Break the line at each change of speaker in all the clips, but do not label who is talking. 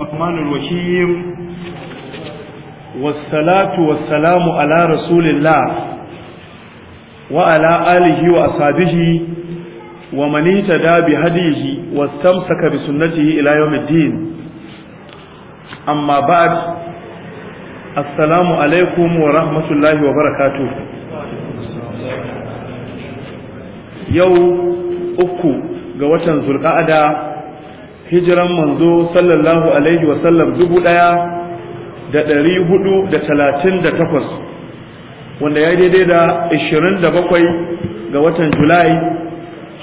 الرحمن الرحيم والصلاة والسلام على رسول الله وعلى آله وأصحابه ومن اهتدى بهديه واستمسك بسنته إلى يوم الدين أما بعد السلام عليكم ورحمة الله وبركاته يوم أكو قوة ذو القعدة hijiran manzo sallallahu alaihi wa sallam dubu ɗaya da ɗari hudu da talatin da takwas wanda ya daidai da ashirin da bakwai ga watan julai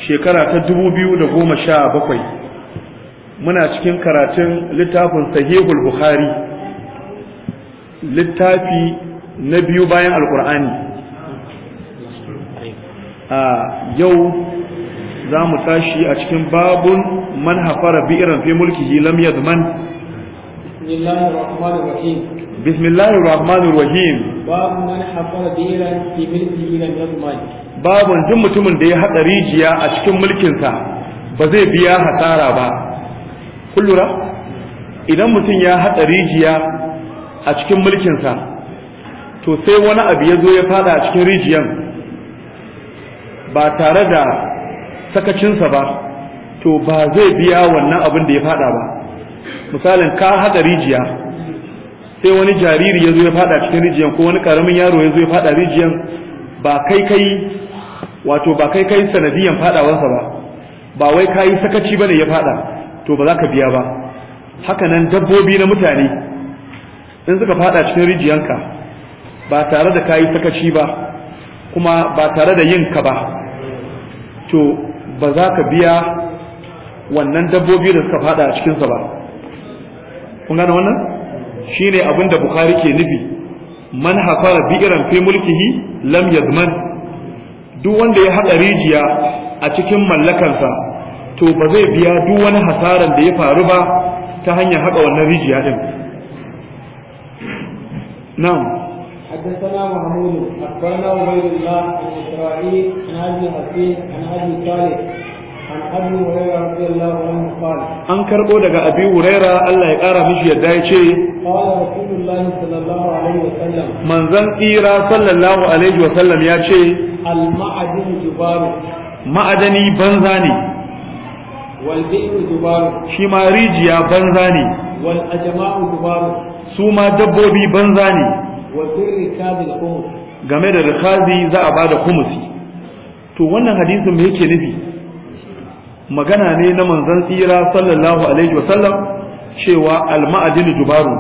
shekara ta dubu biyu da goma sha bakwai muna cikin karatun littafin sahihul bukhari littafi na biyu bayan alkur'ani a yau za mu tashi a cikin babun man hafara bi'iran fi mulkihi lam yadman بسم الله الرحمن الرحيم
باب من حفر بئرا في ملكه لم يضمن
باب duk mutumin da ya hada rijiya a cikin mulkinsa ba zai biya hasara ba kullura idan mutum ya hada rijiya a cikin mulkinsa to sai wani abu ya zo ya fada a cikin rijiyan ba tare da sakacinsa ba to ba zai biya wannan abin da ya fada ba misalin ka haɗa rijiya sai wani jariri ya zo ya fada cikin rijiyan ko wani karamin yaro ya zo ya fada rijiyan ba kai kai wato ba kai kai sanadiyan fadawansa ba ba wai kayi sakaci bane ya fada to ba za ka biya ba haka nan dabbobi na mutane in suka fada cikin rijiyanka ba tare da kayi sakaci ba kuma ba tare da yinka ba to ba za ka biya wannan dabbobi da suka fada a cikinsa ba kun gane wannan shine abin da bukhari ke nufi man hafara bi'iran fi mulkihi lam yazman duk wanda ya haɗa rijiya a cikin mallakansa to ba zai biya duk wani hasaran da ya faru ba ta hanyar haɗa wannan rijiya din na'am
حدثنا محمود اخبرنا عبيد الله عن اسرائيل عن ابي حسين عن ابي صالح عن ابي هريره رضي الله عنه قال
ان كربو دغا ابي هريره الله يقرا مشي يدا يجي
قال رسول الله صلى الله عليه وسلم
من زن قيرا صلى الله عليه وسلم يا يجي
المعدن جبار معدني بنزاني والبئر جبار
شماريجيا بنزاني
والأجماع جبار سوما دبوبي بنزاني
game da rikazi za a ba da kumusi to wannan hadisin mai yake nufi magana ne na manzon tsira sallallahu alaihi wa cewa alma'adini jubaru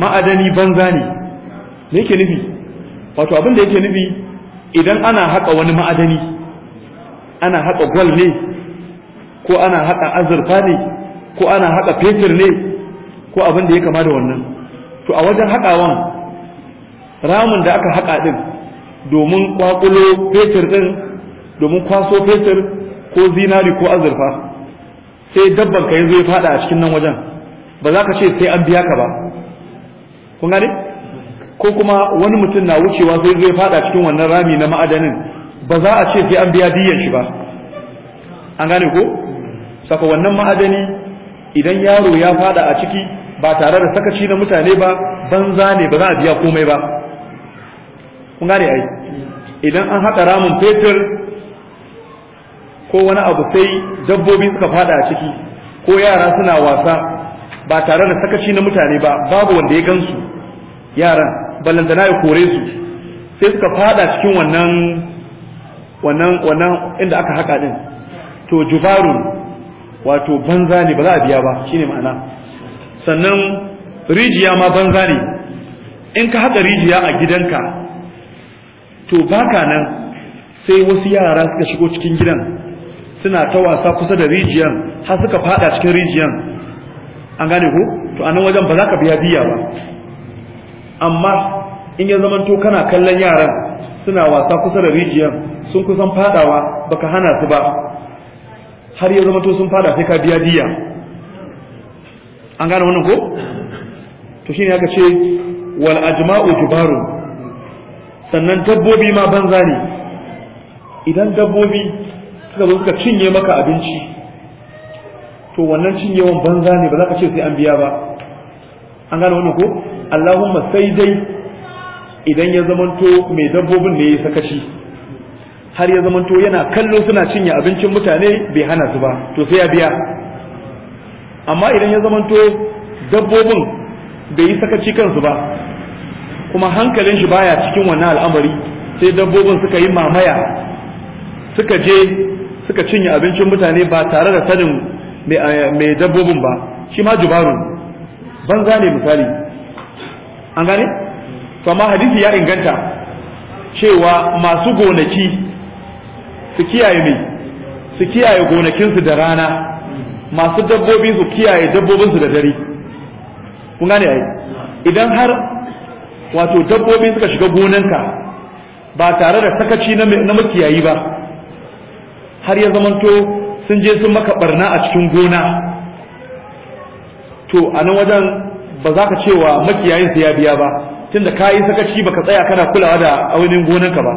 ma'adani banza ne me yake nufi wato abin da yake nufi idan ana haka wani ma'adani ana haka gwal ne ko ana haka azurfa ne ko ana haka fetur ne ko abin da ya kama da wannan to a wajen haƙawan ramin da aka haƙa ɗin domin kwakulo fetur ɗin domin kwaso fetur ko zinari ko azurfa sai dabban ka yazo ya fada a cikin nan wajen ba za ka ce sai an biya ka ba kun gane ko kuma wani mutum na wucewa sai zai fada cikin wannan rami na ma'adanin ba za a ce sai an biya biyan shi ba an gane ko saka wannan ma'adani idan yaro ya faɗa a ciki ba tare da sakaci na mutane ba banza ne ba za a biya komai ba kun gane ai idan an haɗa ramin fetur ko wani abu sai dabbobi suka fada a ciki ko yara suna wasa ba tare da sakaci na mutane ba babu wanda ya gansu yaran ballantana ya kore su sai suka fada cikin wannan wannan wannan inda aka haka din to jubarun wato banza ne ba za a biya ba shine ma'ana sannan rijiya ma banza ne in ka haka rijiya a gidanka to baka nan sai wasu yara suka shigo cikin gidan suna ta wasa kusa da rijiyan har suka fada cikin rijiyan an gane ko to anan wajen ba za ka biya biya ba amma in ya to kana kallon yaran suna wasa kusa da rijiyan sun kusan fadawa baka hana su ba har ya to sun fada sai ka biya biya an gane wannan ko to shine aka ce wal ajma'u jubaru sannan dabbobi ma banza ne idan dabbobi suka zo suka cinye maka abinci to wannan cinyewan banza ne ba za ka ce sai an biya ba an gane wannan ko Allahumma sai dai idan ya zamanto mai dabbobin ne ya sakaci har ya zamanto yana kallo suna cinye abincin mutane bai hana su ba to sai ya biya amma idan ya zamanto dabbobin bai yi sakaci kansu ba kuma hankalin shi baya cikin wannan al'amari sai dabbobin suka yi mamaya suka je suka cinye abincin mutane ba tare da sanin mai eh, dabbobin ba shi ma jubarun banza ne misali an gane amma hadisi ya inganta cewa masu gonaki su kiyaye mai su kiyaye gonakinsu da rana masu dabbobi su kiyaye dabbobinsu da dare kun gane ai idan har wato dabbobi suka shiga gonanka ba tare da sakaci na makiyayi ba har ya zamanto sun je sun maka barna a cikin gona to a nan wajen ba za ka cewa makiyayin ya biya ba tunda ka yi sakaci baka tsaya kana kulawa da aunin gonanka ba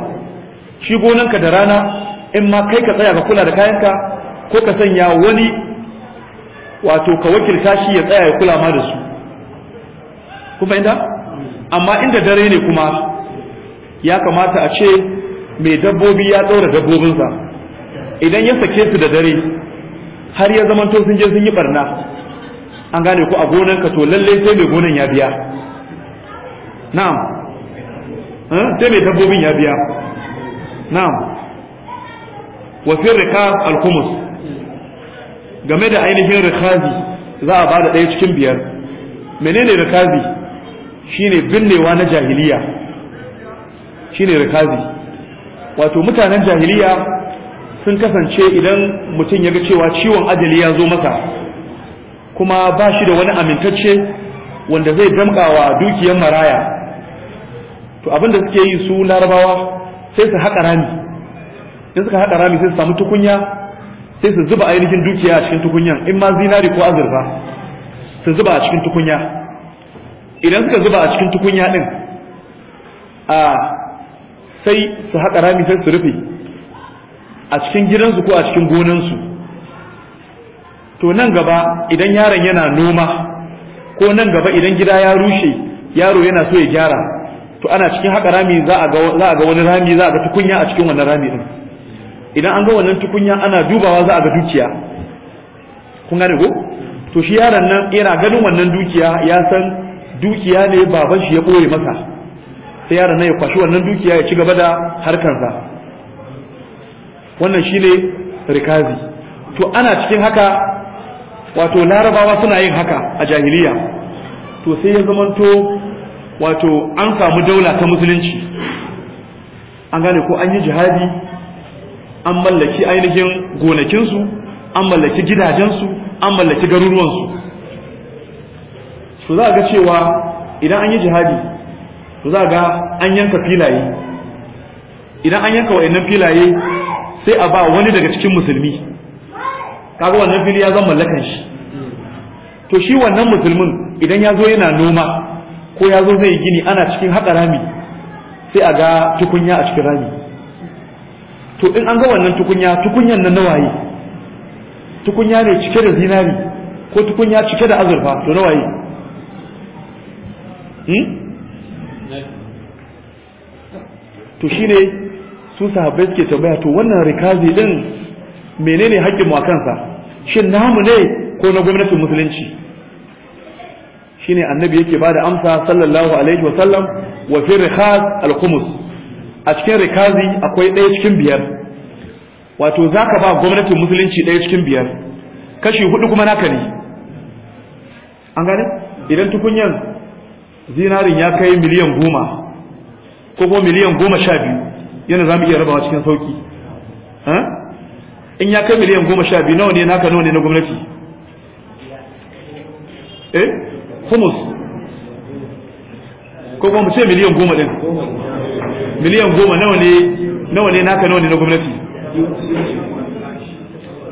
shi gonanka da rana in ma kai ka tsaya ka kula da kayanka ko ka sanya wani wato ka wakilta shi ya tsaya ya kula ma da su kuma inda amma inda dare ne kuma ya kamata a ce mai dabbobi ya ɗaura dabbobinsa idan ya sake su da dare har ya to sun je sun yi barna an gane ku a gonan ka to lallai sai mai gonan ya biya na'am eh, sai mai dabbobin ya biya na'am wasir al alkumus game da ainihin rikazi za a ba da ɗaya cikin biyar menene rikazi shine binnewa na jahiliya shine rikazi wato mutanen jahiliya sun kasance idan mutum ya ga cewa ciwon ajali ya zo masa kuma ba shi da wani amintacce wanda zai wa dukiyar maraya to abinda suke yi su larabawa sai su haƙa rami in suka haƙa rami sai su samu tukunya sai su zuba ainihin dukiya a cikin tukunyan in ma zinari ko azurfa su zuba a cikin tukunya idan suka zuba a cikin tukunya din a sai su haƙa rami sai su rufe a cikin gidansu ko a cikin gonansu to nan gaba idan yaron yana noma ko nan gaba idan gida ya rushe yaro yana so ya gyara to ana cikin haƙa rami za a ga wani rami za a ga tukunya a cikin wannan rami din idan an ga wannan tukunya ana dubawa za a ga dukiya kun gane ko to shi yaron nan yana ganin wannan dukiya ya san dukiya ne baban shi ya ɓoye masa sai yaron nan ya kwashi wannan dukiya ya ci gaba da harkansa wannan shine rikazi to ana cikin haka wato larabawa suna yin haka a jahiliya to sai ya zamanto wato an samu daula ta musulunci an gane ko an yi jihadi an mallaki ainihin gonakinsu an mallaki gidajensu an mallaki garuruwansu to za a ga cewa idan an yi jihadi to za a ga an yanka filaye idan an yanka wa'annan filaye sai a ba wani daga cikin musulmi kaga wannan fili ya zama mallakan shi to shi wannan musulmin idan ya zo yana noma ko ya zo zai gini ana cikin haƙa rami sai a ga tukunya a cikin rami to in an ga wannan tukunya tukunyan nan nawaye tukunya ne cike da zinari ko tukunya cike da azurfa to nawaye Hmm? to shi ne su sahabbai suke tambaya to wannan rikazi din menene haƙƙin mu a kansa shin namu ne ko na gwamnatin musulunci Shi ne annabi yake bada amsa sallallahu alaihi wa sallam wa fi rikaz alkumus a cikin rikazi akwai ɗaya cikin biyar wato za ka ba gwamnatin musulunci ɗaya cikin biyar kashi hudu kuma naka ne an gane idan tukunyan zinarin ya kai miliyan goma ko kuma miliyan goma sha biyu yana za mu iya rabawa cikin sauki in ya kai miliyan goma sha biyu nawa ne naka nawa ne na gwamnati eh humus ko kuma mu ce miliyan goma ɗin
miliyan goma nawa ne
nawa ne naka nawa ne na gwamnati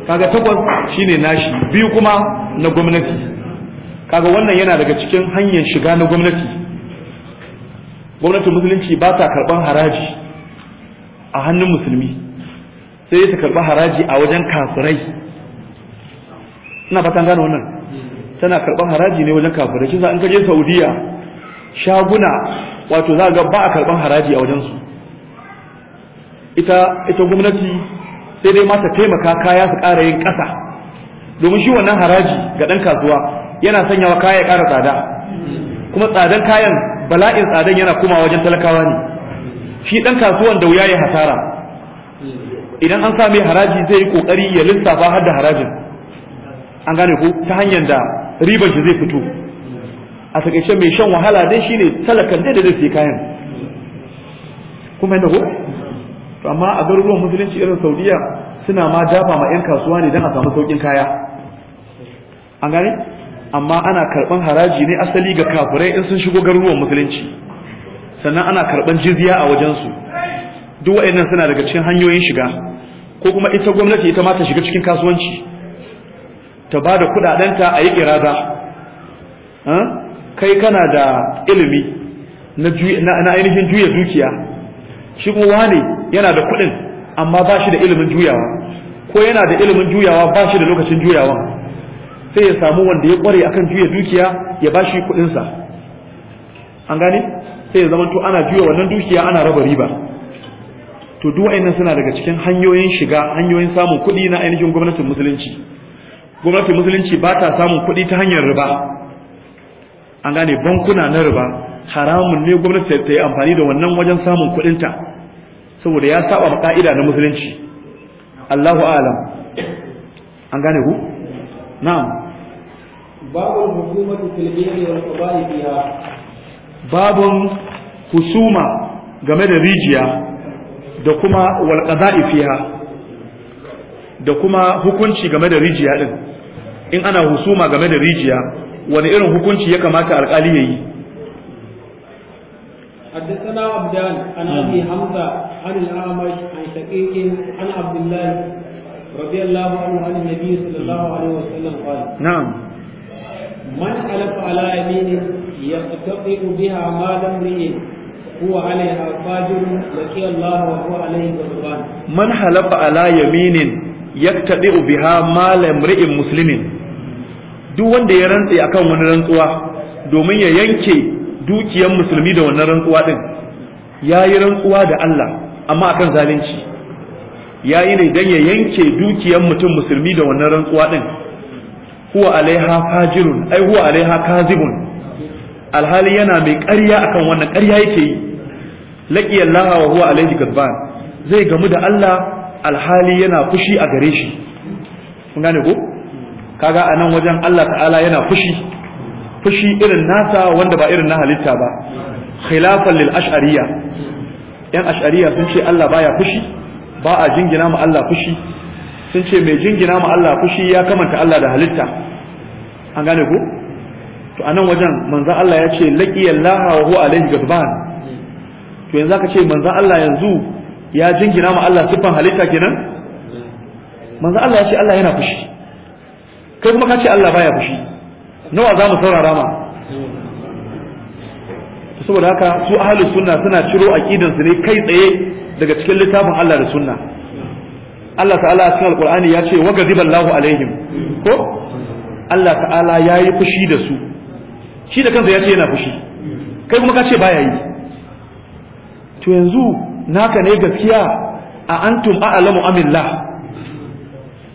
kaga takwas shine nashi biyu kuma na gwamnati kaga wannan yana daga cikin hanyar shiga na gwamnati gwamnatin musulunci ba ta karban haraji a hannun musulmi sai ta karba haraji a wajen kafirai ina fatan gane wannan tana karban haraji ne wajen kafirai kisa in kaje saudiya shaguna wato za ga ba a karban haraji a su ita ita gwamnati sai dai ma ta taimaka kaya su ƙara yin ƙasa domin shi wannan haraji ga ɗan kasuwa yana sanyawa kaya ƙara tsada kuma tsadan kayan bala'in tsadan yana kuma wajen talakawa ne shi ɗan kasuwan da wuya ya hasara idan an sa haraji zai yi ƙoƙari ya lissafa har da harajin an gane ko ta hanyar da riban shi zai fito a takaice mai shan wahala dai shine talakan dai da zai sai kayan kuma yana ko amma a garuruwan musulunci irin saudiya suna ma dafa ma 'yan kasuwa ne don a samu sauƙin kaya an gane amma ana karɓan haraji ne asali ga kafirai in sun shigo garuruwan musulunci sannan ana karɓan jizya a wajensu duk waɗannan suna daga cikin hanyoyin shiga ko kuma ita gwamnati ita ma ta shiga cikin kasuwanci ta ba da kuɗaɗenta a yi ƙirada kai kana da ilimi na ainihin juya dukiya shi kuma wane yana da kuɗin amma ba shi da ilimin juyawa ko yana da ilimin juyawa ba shi da lokacin juyawa sai ya samu wanda ya kware akan juya dukiya ya bashi kuɗin sa an gane sai ya zama to ana juya wannan dukiya ana raba riba to duk wa'annan suna daga cikin hanyoyin shiga hanyoyin samun kuɗi na ainihin gwamnatin musulunci gwamnatin musulunci ba ta samun kuɗi ta hanyar riba an gane bankuna na riba haramun ne gwamnati ta yi amfani da wannan wajen samun kuɗinta saboda ya saba ma ka'ida na musulunci Allahu a'lam an gane ku na'am babun husuma game da rijiya da kuma walƙaza qada'i da kuma hukunci game da rijiya din in ana husuma game da rijiya wani irin hukunci ya kamata alkali yayi
حدثنا عبدان عن ابي حمزه عن الاعمش عن شقيق عن عبد الله رضي الله عنه عن النبي صلى الله عليه وسلم قال نعم man alafa ala yamini yaqtaqidu biha malam ri'in huwa alaiha fajirun laqiya Allah wa huwa alaihi ghadban
man halafa ala yaminin yaqtadi'u biha malam ri'in muslimin duk wanda ya rantse akan wani rantsuwa domin ya yanke dukiyar musulmi da wannan rantsuwa din yayi rantsuwa da Allah amma akan zalunci yayi ne dan ya yanke dukiyar mutum musulmi da wannan rantsuwa din huwa alaiha fajirun ai huwa alaiha kazibun alhali yana mai ƙarya akan wannan ƙarya yake yi Laƙi Allah wa huwa alaihi gadban zai gamu da Allah alhali yana fushi a gare shi kun gane ko kaga anan wajen Allah ta'ala yana fushi fushi irin nasa wanda ba irin na halitta ba khilafan lil ash'ariyya yan ash'ariyya sun ce Allah baya fushi ba a jingina ma Allah fushi sun ce mai jingina ma Allah fushi ya kamanta Allah da halitta an gane ku to anan wajen manzan Allah ya ce Allah wa huwa alaihi gadban to yanzu aka ce manzan Allah yanzu ya jingina ma Allah sifan halitta kenan manzan Allah ya ce Allah yana fushi kai kuma ka ce Allah baya fushi nawa za mu saurara ma saboda haka su ahlus sunna suna ciro aqidan su ne kai tsaye daga cikin littafin Allah da sunna Allah ta'ala cikin alqur'ani ya ce wa ghadiballahu alaihim ko Allah ta'ala yayi fushi da su shi da kansa ya ce yana fushi kai kuma ka ce baya yi to yanzu naka ne gaskiya a antum a'lamu amillah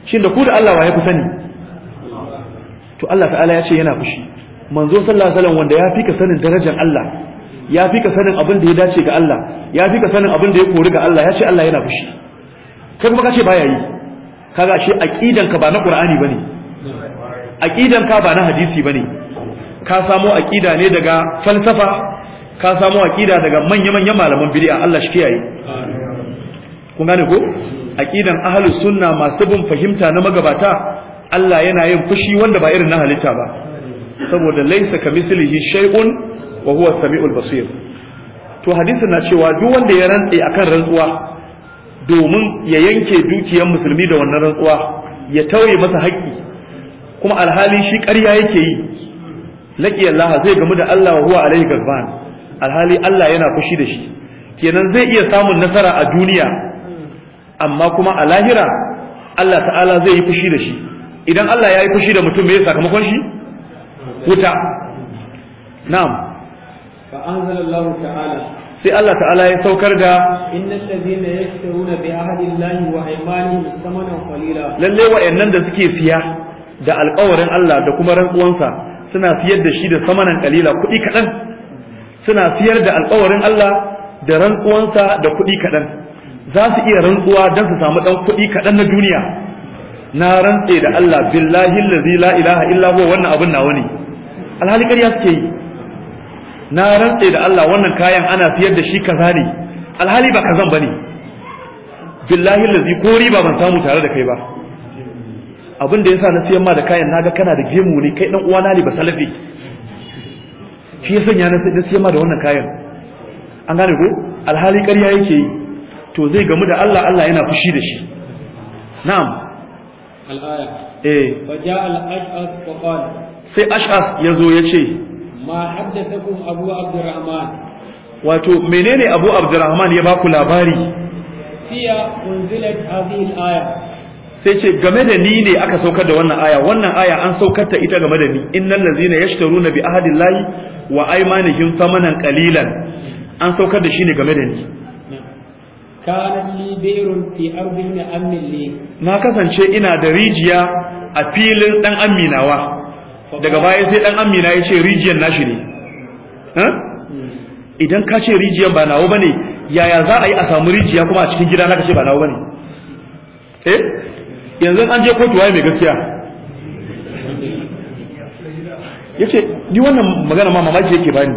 shin da ku da Allah wa ya ku sani to Allah ta'ala ya ce yana fushi manzo sallallahu alaihi wasallam wanda ya fika sanin darajar Allah ya fika sanin abin da ya dace ga Allah ya fika sanin abin da ya kori ga Allah ya ce Allah yana fushi kai kuma kace baya yi kaga shi aqidan ka ba na qur'ani bane
aqidan ka ba
na hadisi bane ka samo aqida ne daga falsafa ka samo aqida daga manya manyan malaman bid'a Allah shi kiyaye kun gane ko aqidan ahlus sunna masu bin fahimta na magabata Allah yana yin fushi wanda ba irin na halitta ba saboda laysa kamislihi shay'un wa huwa samiul basir to hadisin na cewa duk wanda ya rantse akan rantsuwa domin ya yanke dukiyar musulmi da wannan rantsuwa ya tauye masa haƙƙi kuma alhali shi ƙarya yake yi laƙi Allah zai gamu da Allah wa huwa alaihi gazban alhali Allah yana fushi da shi kenan zai iya samun nasara a duniya amma kuma a lahira Allah ta'ala zai yi fushi da shi idan Allah ya yi fushi da mutum me sakamakon shi wuta na'am
fa anzalallahu ta'ala
sai Allah ta'ala ya saukar
da innal ladina yashtaruna bi ahdillahi wa aymanihim thamanan qalila lalle wa'annan da
suke siya da alƙawarin Allah da kuma rantsuwansa suna siyar da shi da samanan kalila kuɗi kaɗan suna siyar da alƙawarin Allah da rantsuwansa da kuɗi kaɗan za su iya rantsuwa don su samu ɗan kuɗi kaɗan na duniya na rantse da Allah billahi allazi la ilaha illa huwa wannan abun nawa ne alhali ƙarya suke yi na rantse da Allah wannan kayan ana siyar da shi kaza ne alhali ba kazan bane billahi lazi ko riba ban samu tare da kai ba abin da yasa na siyan ma da kayan naga kana da gemu ne kai dan uwa ne ba salafi shi ya sanya na siyan ma da wannan kayan an gane ko alhali ƙarya yake yi to zai gamu da Allah Allah yana fushi da shi na'am
al'aya eh fa ja al-ash'as sai ash'as
yazo yace
ma haddathakum abu abdurrahman
wato menene abu abdurrahman ya baku labari
fiya unzilat hadhihi al-aya
sai ce game da ni ne aka saukar da wannan aya wannan aya an saukar ta ita game da ni innal ladzina yashtaruna bi ahdillahi wa aymanihim thamanan qalilan an saukar da shi ne game da ni
kanat li bayrun fi ardin ammi li
na kasance ina da rijiya a filin dan amminawa daga baya sai dan amina ya ce rijiyar nashi ne idan ka ce rijiyar ba nawo bane yaya za a yi a samu rijiya kuma a cikin gida na ka ce ba nawo bane eh yanzu an je kotu waye mai gaskiya yace ni wannan magana ma mamaki yake bani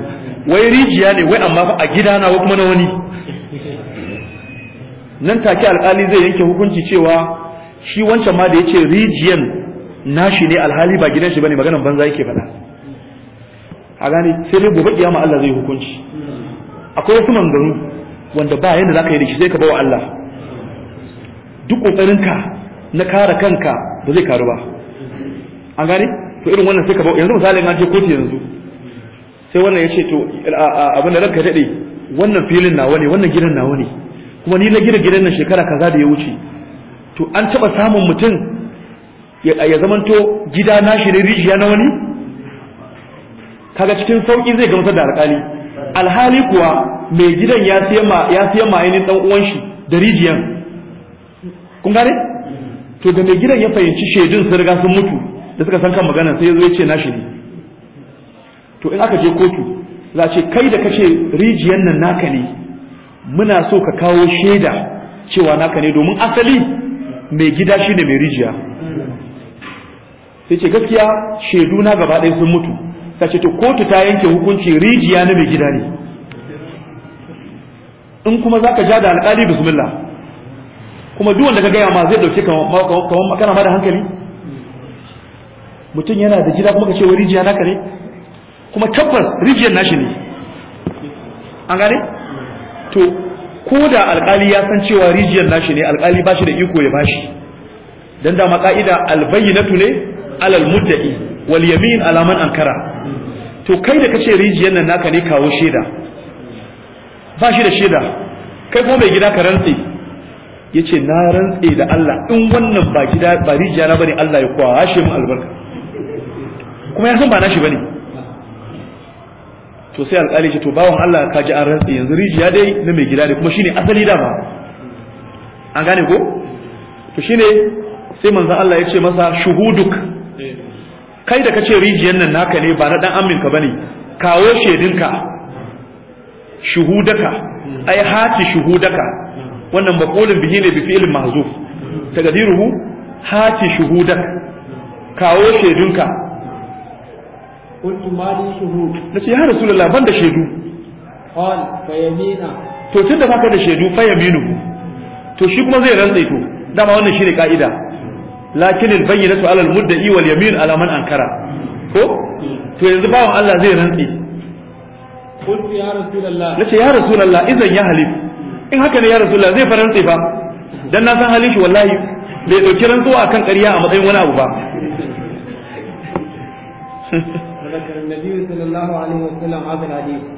wai rijiya ne wai amma fa a gida na kuma na wani nan take alkali zai yanke hukunci cewa shi wancan ma da yace rijiyan nashi ne alhali ba gidan shi bane maganar banza yake faɗa a gane sai dai gobe kiyama Allah zai hukunci akwai wasu mangaru wanda ba yanda zaka yi da shi sai ka bawa Allah duk ka na kare kanka ba zai karu ba an gane to irin wannan sai ka bawa yanzu misali an je kotu yanzu sai wannan ya ce to abin da ranka daɗe wannan filin nawa ne wannan gidan nawa ne kuma ni na gina gidan nan shekara kaza da ya wuce to an taɓa samun mutum ya zamanto gida na shi rijiya na wani kaga cikin sauki zai gamsar da alkali alhali kuwa mai gidan ya siya ma ya dan uwan shi da rijiyan kun gane to da mai gidan ya fahimci shaidun sun riga sun mutu da suka san kan magana sai ya zo ya ce nashi ne to in aka je kotu za ce kai da kace rijiyan nan naka ne muna so ka kawo shaida cewa naka ne domin asali mai gida shi ne mai rijiya sai ce gaskiya shaidu na gaba ɗaya sun mutu ta ce to kotu ta yanke hukunci rijiya na mai gida ne in kuma za ka ja da alƙali bismillah kuma duk wanda ka gaya ma zai ɗauke kamar makana ma da hankali mutum yana da gida kuma ka ce wa rijiya na ne kuma tabbas rijiyar nashi ne an gane to ko da alƙali ya san cewa rijiyar nashi ne alƙali ba shi da iko ya bashi dan da maƙa'ida albayyinatu ne alal mudda'i wal yamin ala man ankara to kai da kace rijiyar nan naka ne kawo shaida ba shi da shaida kai ko mai gida ka rantse yace na rantse da Allah in wannan ba gida ba rijiya na bane Allah ya kwashe mu albarka kuma ya san ba nashi bane to sai alƙali ce to bawan Allah ka ji an rantse yanzu rijiya dai na mai gida ne kuma shine asali dama an gane ko to shine sai manzon Allah ya ce masa shuhuduk kai da kace rijiyar nan naka ne ba na dan aminka bane kawo shedinka shuhudaka ai hati shuhudaka wannan maqulun bihi ne bi fi'il mahzuf tagdiruhu hati shuhudaka kawo shedinka
kuntu mali
shuhud nace ya rasulullah ban da shedu
qal fa yamina to tunda baka
da shedu fa yaminu to shi kuma zai rantsa to dama wannan shine ka'ida lakin albayyinatu alal mudda'i wal yamin ala man ankara ko to yanzu bawan Allah zai rantsi
qultu ya rasulullah nace ya rasulullah idan ya
halif in haka ne ya rasulullah zai farantsi ba dan na san halin shi wallahi bai dauki rantsuwa akan ƙarya a matsayin wani abu ba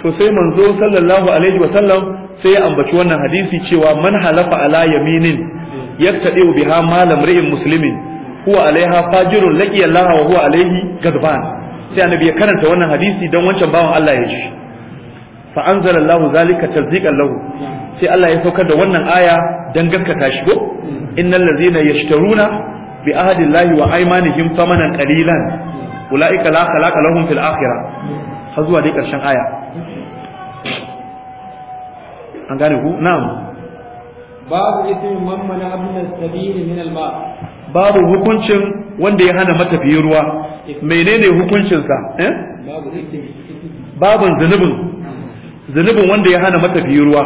to sai manzo sallallahu alaihi wa sallam sai ya ambaci wannan hadisi cewa man halafa ala yaminin yattadiu biha malam ri'in muslimin huwa alaiha fajirun laqiya Allah wa huwa alaihi sai annabi ya karanta wannan hadisi don wancan bawan Allah ya ji fa anzala Allah zalika tasdiqan lahu sai Allah ya saukar da wannan aya dan gaskata shi ko innal ladzina yashtaruna bi ahdi Allah wa aymanihim thamanan qalilan ulaika la khalaqa lahum fil akhirah har zuwa dai karshen aya an gane ku na'am
babu ismin sabili min
babu hukuncin wanda ya hana matafiyi ruwa menene hukuncin sa eh? babu babu zunubin wanda ya hana matafiyi ruwa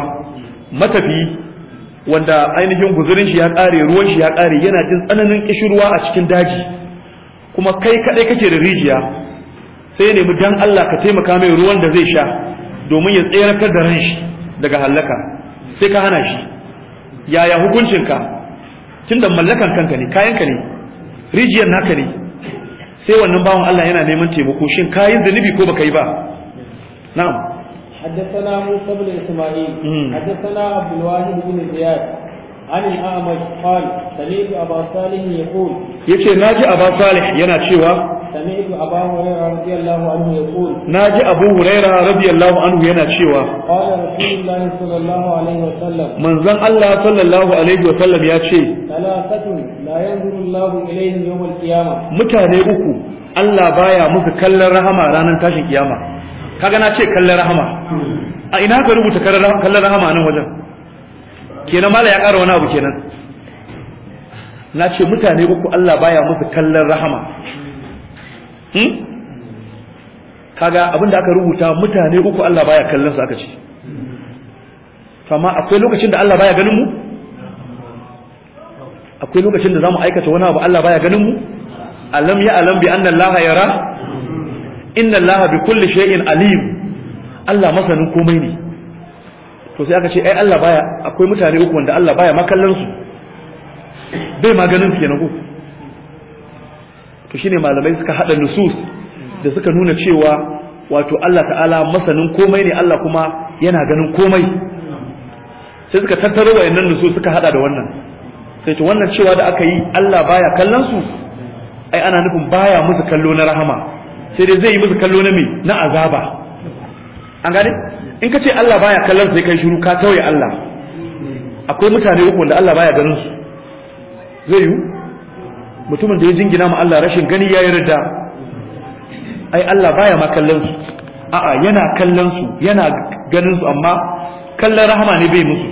matafiyi wanda ainihin guzurin shi ya kare ruwan shi ya kare yana jin tsananin kishirwa a cikin daji kuma kai kadai kake da rijiya sai nemi dan Allah ka taimaka mai ruwan da zai sha domin ya tsayar da ran shi daga halaka sai ka hana shi yaya hukuncin hukuncinka tunda mallakan kanka ne kayanka ne rijiyar naka ne sai wannan bawan Allah yana neman taimako shin kayi zunubi ko baka yi ba
na'am haddathana Musa bin Isma'il hmm. haddathana Abdul Wahid bin Ziyad an al-Amr qal sami'tu Aba Salih yaqul yace naji Aba Salih yana cewa سمعت أبا هريرة رضي الله عنه يقول ناجي أبو هريرة رضي الله عنه ينا شيوا قال رسول الله صلى الله عليه وسلم
من زن الله صلى الله عليه وسلم يا شي
ثلاثة لا ينظر الله إليهم يوم القيامة
متاني أكو الله بايا muku kallon rahama ranar tashin kiyama kaga na ce kallon rahama a ina ka rubuta kallon rahama nan wajen kenan mala ya ƙara wani abu kenan na ce mutane uku Allah baya musu kallon rahama Hmm? kaga abinda aka rubuta mutane uku Allah baya kallon su aka ce amma akwai lokacin da Allah baya ganin mu akwai lokacin da zamu aikata wani abu Allah baya ganin mu alam ya alam bi anna Allah yara inna Allah bi kulli shay'in alim Allah masanin komai ne to sai aka ce ai Allah baya akwai mutane uku wanda Allah baya ma su bai ma ganin su kenan ko to shine malamai suka hada nusus da suka nuna cewa wato Allah ta'ala masanin komai ne Allah kuma yana ganin komai sai suka tattaro wayannan nusus suka hada da wannan sai to wannan cewa da aka yi Allah baya kallon su ai ana nufin baya musu kallo na rahama sai dai zai yi musu kallo na me na azaba an gane in ka ce Allah baya kallon sai kai shiru ka tauye Allah akwai mutane uku da Allah baya ganin su zai yi mutumin da ya jingina ma Allah rashin gani ya yarda ai Allah baya ma kallon su a'a yana kallon su yana ganin su amma kallon rahama ne bai musu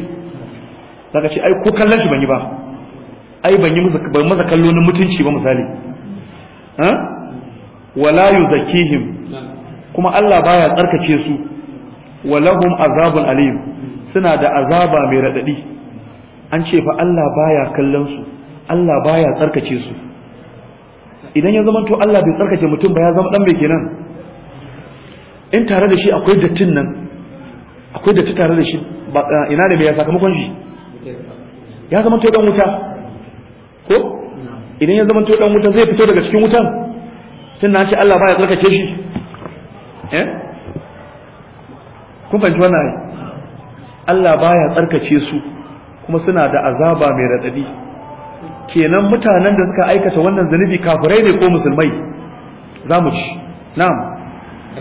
daga ce ai ko kallon shi ban yi ba ai ban yi musu ban masa kallo na mutunci ba misali ha wala yuzakkihim kuma Allah baya tsarkake su walahum azabun alim suna da azaba mai radadi an ce fa Allah baya kallon su Allah baya tsarkake su idan ya zama to Allah bai tsarkake mutum ba ya zama dan mai kenan in tare da shi akwai dattin nan akwai datti tare da shi eh, ina da bai sakamakon shi ya zama to dan wuta ko idan ya zama to dan wuta zai fito daga cikin wutan tun na ce Allah baya tsarkake shi eh? kun fahimci wannan Allah Allah baya tsarkake su kuma suna da azaba mai radadi kenan mutanen da suka aikata wannan zunubi kafirai ne ko musulmai za mu ci na'am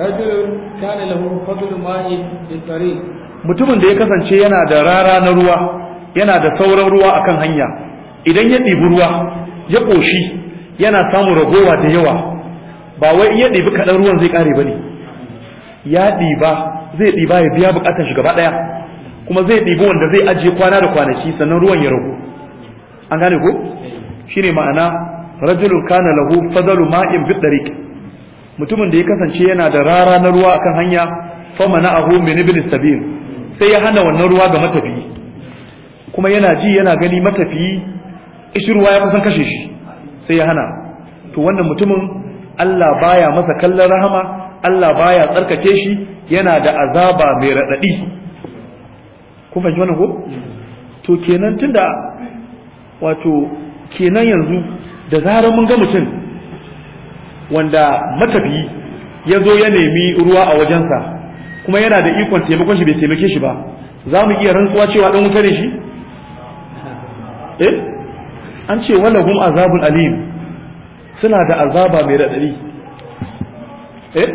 rajulun kana lahu fadlu ma'i bi tariq
mutumin da ya kasance yana da rara na ruwa yana da sauran ruwa akan hanya idan ya ɗibi ruwa ya ƙoshi yana samun ragowa da yawa ba wai in ya ɗibi kaɗan ruwan zai ƙare ba ya ɗiba zai ɗiba ya biya buƙatar shi gaba ɗaya kuma zai ɗibi wanda zai ajiye kwana da kwanaki sannan ruwan ya ragu an gane ko shine ma'ana rajulun kana lahu fadalu ma'in bi tariq mutumin da ya kasance yana da rara na ruwa akan hanya fa ahu min ibn sabil sai ya hana wannan ruwa ga matafiyi kuma yana ji yana gani matafiyi ishirwa ya kusan kashe shi sai ya hana to wannan mutumin Allah baya masa kallon rahama Allah baya tsarkake shi yana da azaba mai raɗaɗi kun fahimci wannan ko to kenan tunda wato kenan yanzu da zarar mun ga mutum wanda matafiyi ya zo ya nemi ruwa a wajensa kuma yana da ikon taimakon shi bai taimake shi ba za mu iya rantsuwa cewa dan wuta ne shi eh an ce wala hum azabul alim suna da azaba mai radadi eh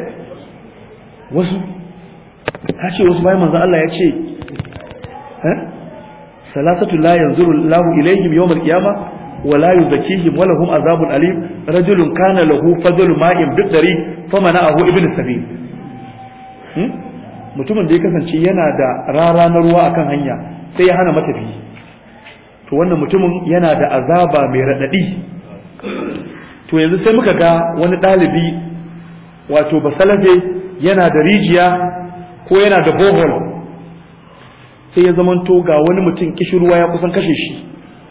wasu ta ce wasu bayan manzo Allah ya ce eh salasatu la yanzuru Allahu ilaihim yawmal qiyamah wa la yuzakkihim wa lahum azabun alim rajulun kana lahu fadlu ma'in bi dari famana'ahu ibn sabil hmm? mutumin da ya kasance yana da rara ruwa akan hanya sai ya hana matafiyi to wannan mutumin yana da azaba mai raɗaɗi. to yanzu sai muka ga wani ɗalibi wato basalafe yana da rijiya ko yana da bohol sai ya to ga wani mutum kishirwa ya kusan kashe shi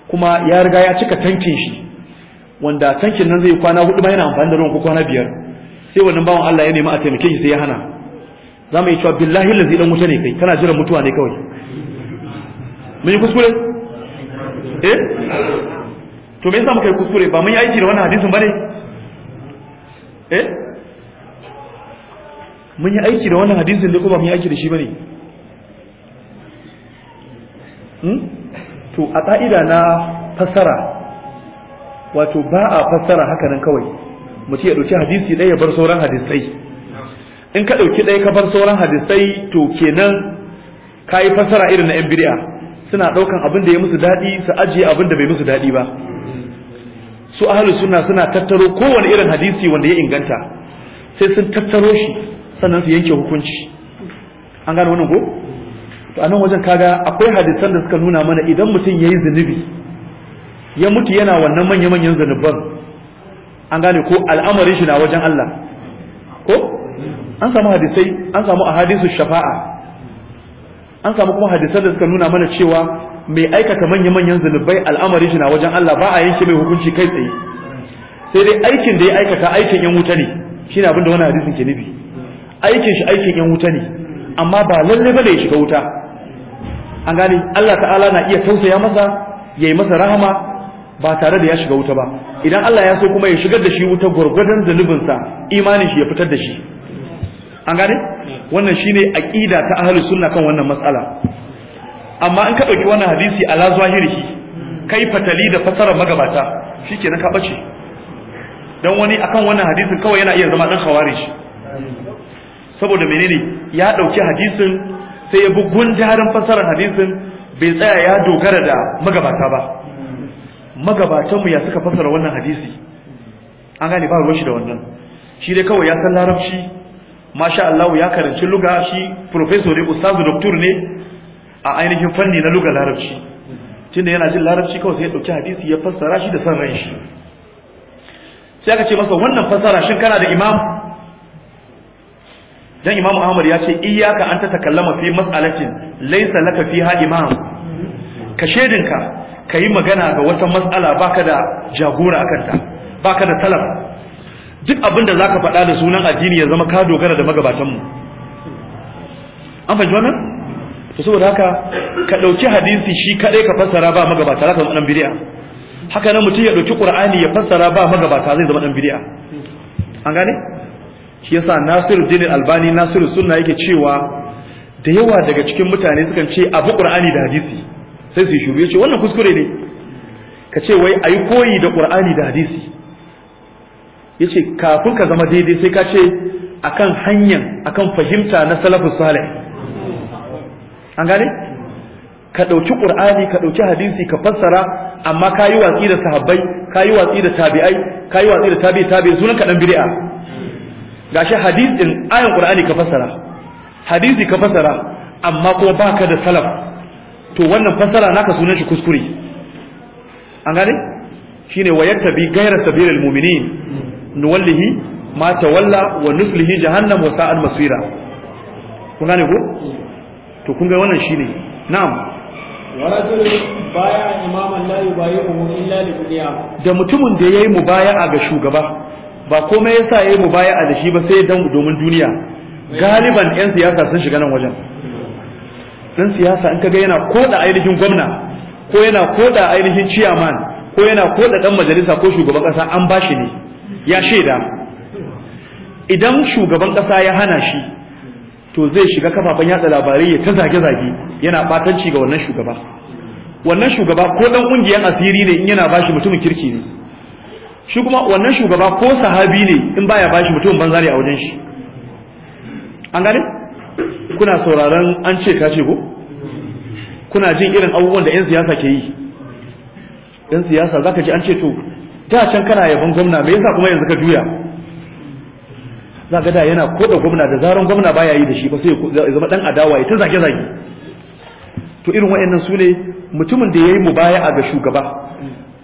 kuma ya riga ya cika tankin shi wanda tankin nan zai kwana hudu ma yana amfani da ruwan ko kwana biyar sai wannan bawan Allah ya nemi a taimake shi sai ya hana za mu yi cewa billahi lazi dan wuta ne kai kana jiran mutuwa ne kawai mun yi kuskure eh to me yasa muka yi kuskure ba mun yi aiki da wannan hadisin bane eh mun yi aiki da wannan hadisin ne ko ba mun yi aiki da shi bane Hmm? to a ƙa'ida na fassara wato ba a fassara haka nan kawai mutum ya ɗauki hadisi ɗaya ya bar sauran hadisai in ka ɗauki ɗaya ka bar sauran hadisai to kenan ka yi fassara irin na 'yan biri'a, suna ɗaukan abin da ya musu daɗi su ajiye abin da bai musu daɗi ba su ahalu suna suna tattaro kowane irin hadisi wanda ya inganta sai sun tattaro shi sannan su yanke hukunci an gane wannan ko to anan wajen kaga akwai hadisan da suka nuna mana idan mutum yayi zunubi ya mutu yana wannan manya manyan zunuban an gane ko al'amarin shi na wajen Allah ko an samu hadisai an samu hadisu shafa'a an samu kuma hadisan da suka nuna mana cewa mai aikata manya manyan zunubai al'amarin shi na wajen Allah ba a yanke mai hukunci kai tsaye sai dai aikin da ya aikata aikin yan wuta ne shine abin da wannan hadisin ke nufi aikin shi aikin yan wuta ne amma ba lalle bane ya shiga wuta an gane Allah ta'ala na iya tausaya masa ya yi masa rahama ba tare da ya shiga wuta ba idan Allah ya so kuma ya shigar da shi wuta gwargwadon zunubinsa imanin shi ya fitar da shi an gane wannan shine aqida ta ahlus sunna kan wannan matsala amma in ka dauki wannan hadisi ala zahirihi kai fatali da fasara magabata shikenan ka bace dan wani akan wannan hadisin kawai yana iya zama dan khawarij saboda menene ya dauki hadisin sai ya bi gundarin fasarar hadisin bai tsaya ya dogara da magabata ba magabatanmu ya suka fasara wannan hadisi an gane ba ruwan shi da wannan shi dai kawai ya san larabci masha Allah ya karanci luga shi professor ne ustazu doctor ne a ainihin fanni na luga larabci tunda yana jin larabci kawai sai ya dauki hadisi ya fassara shi da san ran shi sai aka ce masa wannan fassara shin kana da imam dan imam ahmad ya ce iyyaka an takallama fi mas'alatin laysa laka fiha imam ka shedinka yi magana ga wata mas'ala baka da jagora ta baka da talab duk abin da zaka faɗa da sunan addini ya zama ka dogara da magabatanmu an fahimci wannan to saboda haka ka ɗauki hadisi shi kaɗai ka fassara ba magabata za ka zama ɗan bid'a haka nan mutum ya ɗauki qur'ani ya fassara ba magabata zai zama ɗan bid'a an gane shi yasa Nasiru Dinin Albani Nasiru Sunna yake cewa da yawa daga cikin mutane sukan ce abu Qur'ani da hadisi sai su shuru yace wannan kuskure ne ka ce wai ayi koyi da Qur'ani da hadisi yace kafin ka zama daidai sai ka ce akan hanyar akan fahimta na salafus salih an gane ka ɗauki ƙur'ani ka ɗauki hadisi ka fassara amma ka yi watsi da sahabbai ka yi watsi da tabi'ai ka yi watsi da tabi'i tabi'i sunan ka ɗan bid'a gashi hadith din ayan qur'ani ka fasara, hadisi ka fasara amma kuma baka da salaf to wannan fasara naka sunan shi kuskure an gane shine wayattabi ghayra sabilil mu'minin nuwallihi ma tawalla wa nuslihi jahannam wa sa'al masira kun gane ko to kun ga wannan shine na'am baya da mutumin da ya yi mubaya'a ga shugaba ba komai yasa yayi mubaya'a da shi ba sai dan domin duniya galiban yan siyasa sun shiga nan wajen dan siyasa in kaga yana koda ainihin gwamna ko yana koda ainihin chairman ko yana koda dan majalisa ko shugaban kasa an bashi ne ya shaida idan shugaban kasa ya hana shi to zai shiga kafafen yatsa labarai ya ta zage-zage yana batanci ga wannan shugaba wannan shugaba ko ɗan ƙungiyar asiri ne in yana bashi mutumin kirki ne shi kuma wannan shugaba ko sahabi ne in baya bashi mutum banza ne a wajen shi an gane kuna sauraron an ce ka ce ko kuna jin irin abubuwan da 'yan siyasa ke yi 'yan siyasa za ka ji an ce to da can kana yabon gwamna me yasa kuma yanzu ka juya za ga da yana koda gwamna da zaran gwamna baya yi da shi ba sai ya zama dan adawa ya ta zage zage to irin wayannan su ne mutumin da ya yi mubaya'a ga shugaba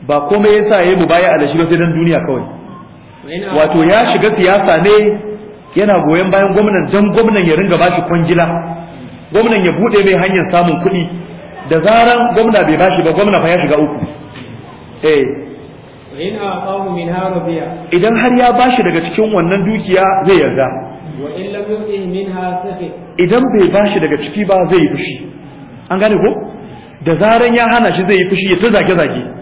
ba komai ya yasa yayi mubaya'a da shi ba sai dan duniya kawai
wato ya shiga
siyasa ne yana goyon bayan gwamnan dan gwamnan ya ringa bashi kwangila gwamnan ya bude mai hanyar samun kuɗi da zaran gwamna bai bashi ba gwamna fa ya shiga uku eh
idan har ya bashi
daga cikin wannan dukiya zai yarda idan bai bashi daga ciki ba zai yi fushi an gane ko da zaran ya hana shi zai yi fushi ya ta zage-zage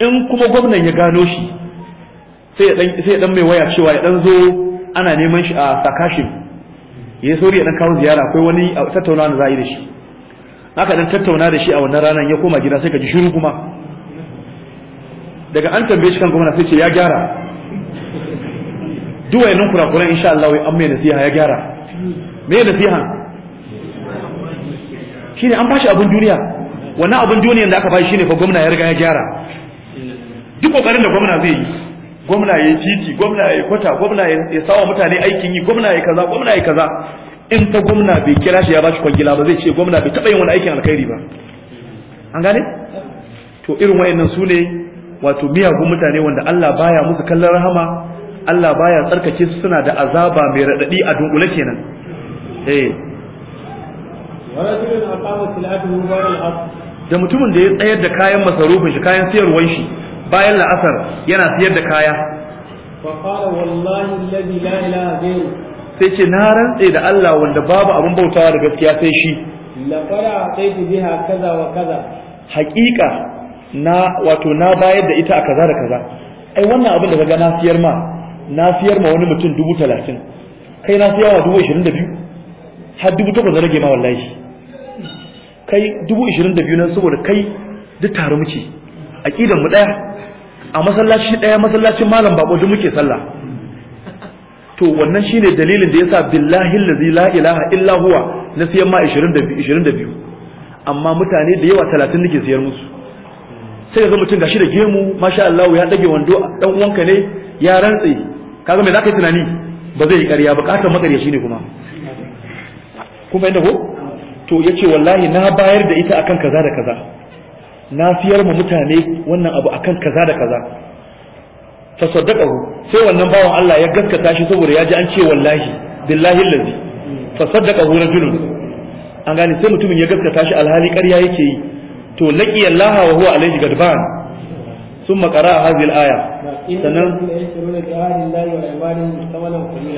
in kuma gwamnan ya gano shi sai dan mai waya cewa ya dan zo ana neman shi a sakashin ya sauri ya dan kawo ziyara akwai wani tattauna da za'a yi da shi haka dan tattauna da shi a wannan ranar ya koma gida sai ka ji shiru kuma daga an tambaye shi kan gwamna sai ce ya gyara duk wayannan kurakuran insha Allah an mai nasiha ya gyara me nasiha shine an bashi abun duniya wannan abun duniyan da aka bashi shine fa gwamna ya riga ya gyara duk kokarin da gwamna zai yi gwamna ya titi gwamna ya kwata gwamna ya sawa mutane aikin yi gwamna ya kaza gwamna ya kaza in ta gwamna bai kira shi ya bashi kwangila ba zai ce gwamna bai taɓa yin wani aikin alkhairi ba an gane to irin wayannan su ne wato miyagun mutane wanda Allah baya musu kallon rahama Allah baya tsarkake su suna da azaba mai raɗaɗi a dunkule kenan eh da mutumin da ya tsayar da kayan masarufin shi kayan siyarwar shi bayan la'asar yana siyar da kaya sai ce na rantse da Allah wanda babu abin bautawa da gaskiya sai shi
wa
haƙiƙa na wato na bayar da ita a kaza da kaza ai wannan abin da kaga na siyar ma na siyar ma wani mutum dubu talatin kai na siya wa dubu ashirin da biyu har dubu takwas da rage ma wallahi kai dubu ashirin da biyu nan saboda kai duk tare muke aƙidan mu ɗaya, a masallaci ɗaya masallacin malam bako duk muke sallah to wannan shine dalilin da yasa billahi allazi la ilaha illa huwa na siyan ma 22 22 amma mutane da yawa 30 nake siyar musu sai ga mutum gashi da gemu masha Allah ya dage wando dan uwanka ne ya rantsi kaga me zaka yi tunani ba zai yi ƙarya bukatar makaryaci ne kuma kuma inda ko to yace wallahi na bayar da ita akan kaza da kaza na fiyar mu mutane wannan abu akan kaza da kaza fa saddaqahu sai wannan bawan Allah ya gaskata shi saboda ya ji an ce wallahi billahi allazi fa saddaqahu rajulun an gane sai mutumin ya gaskata shi alhali ƙarya yake yi to laqiya Allah wa huwa alayhi gadban ثم قرأ هذه الآية sannan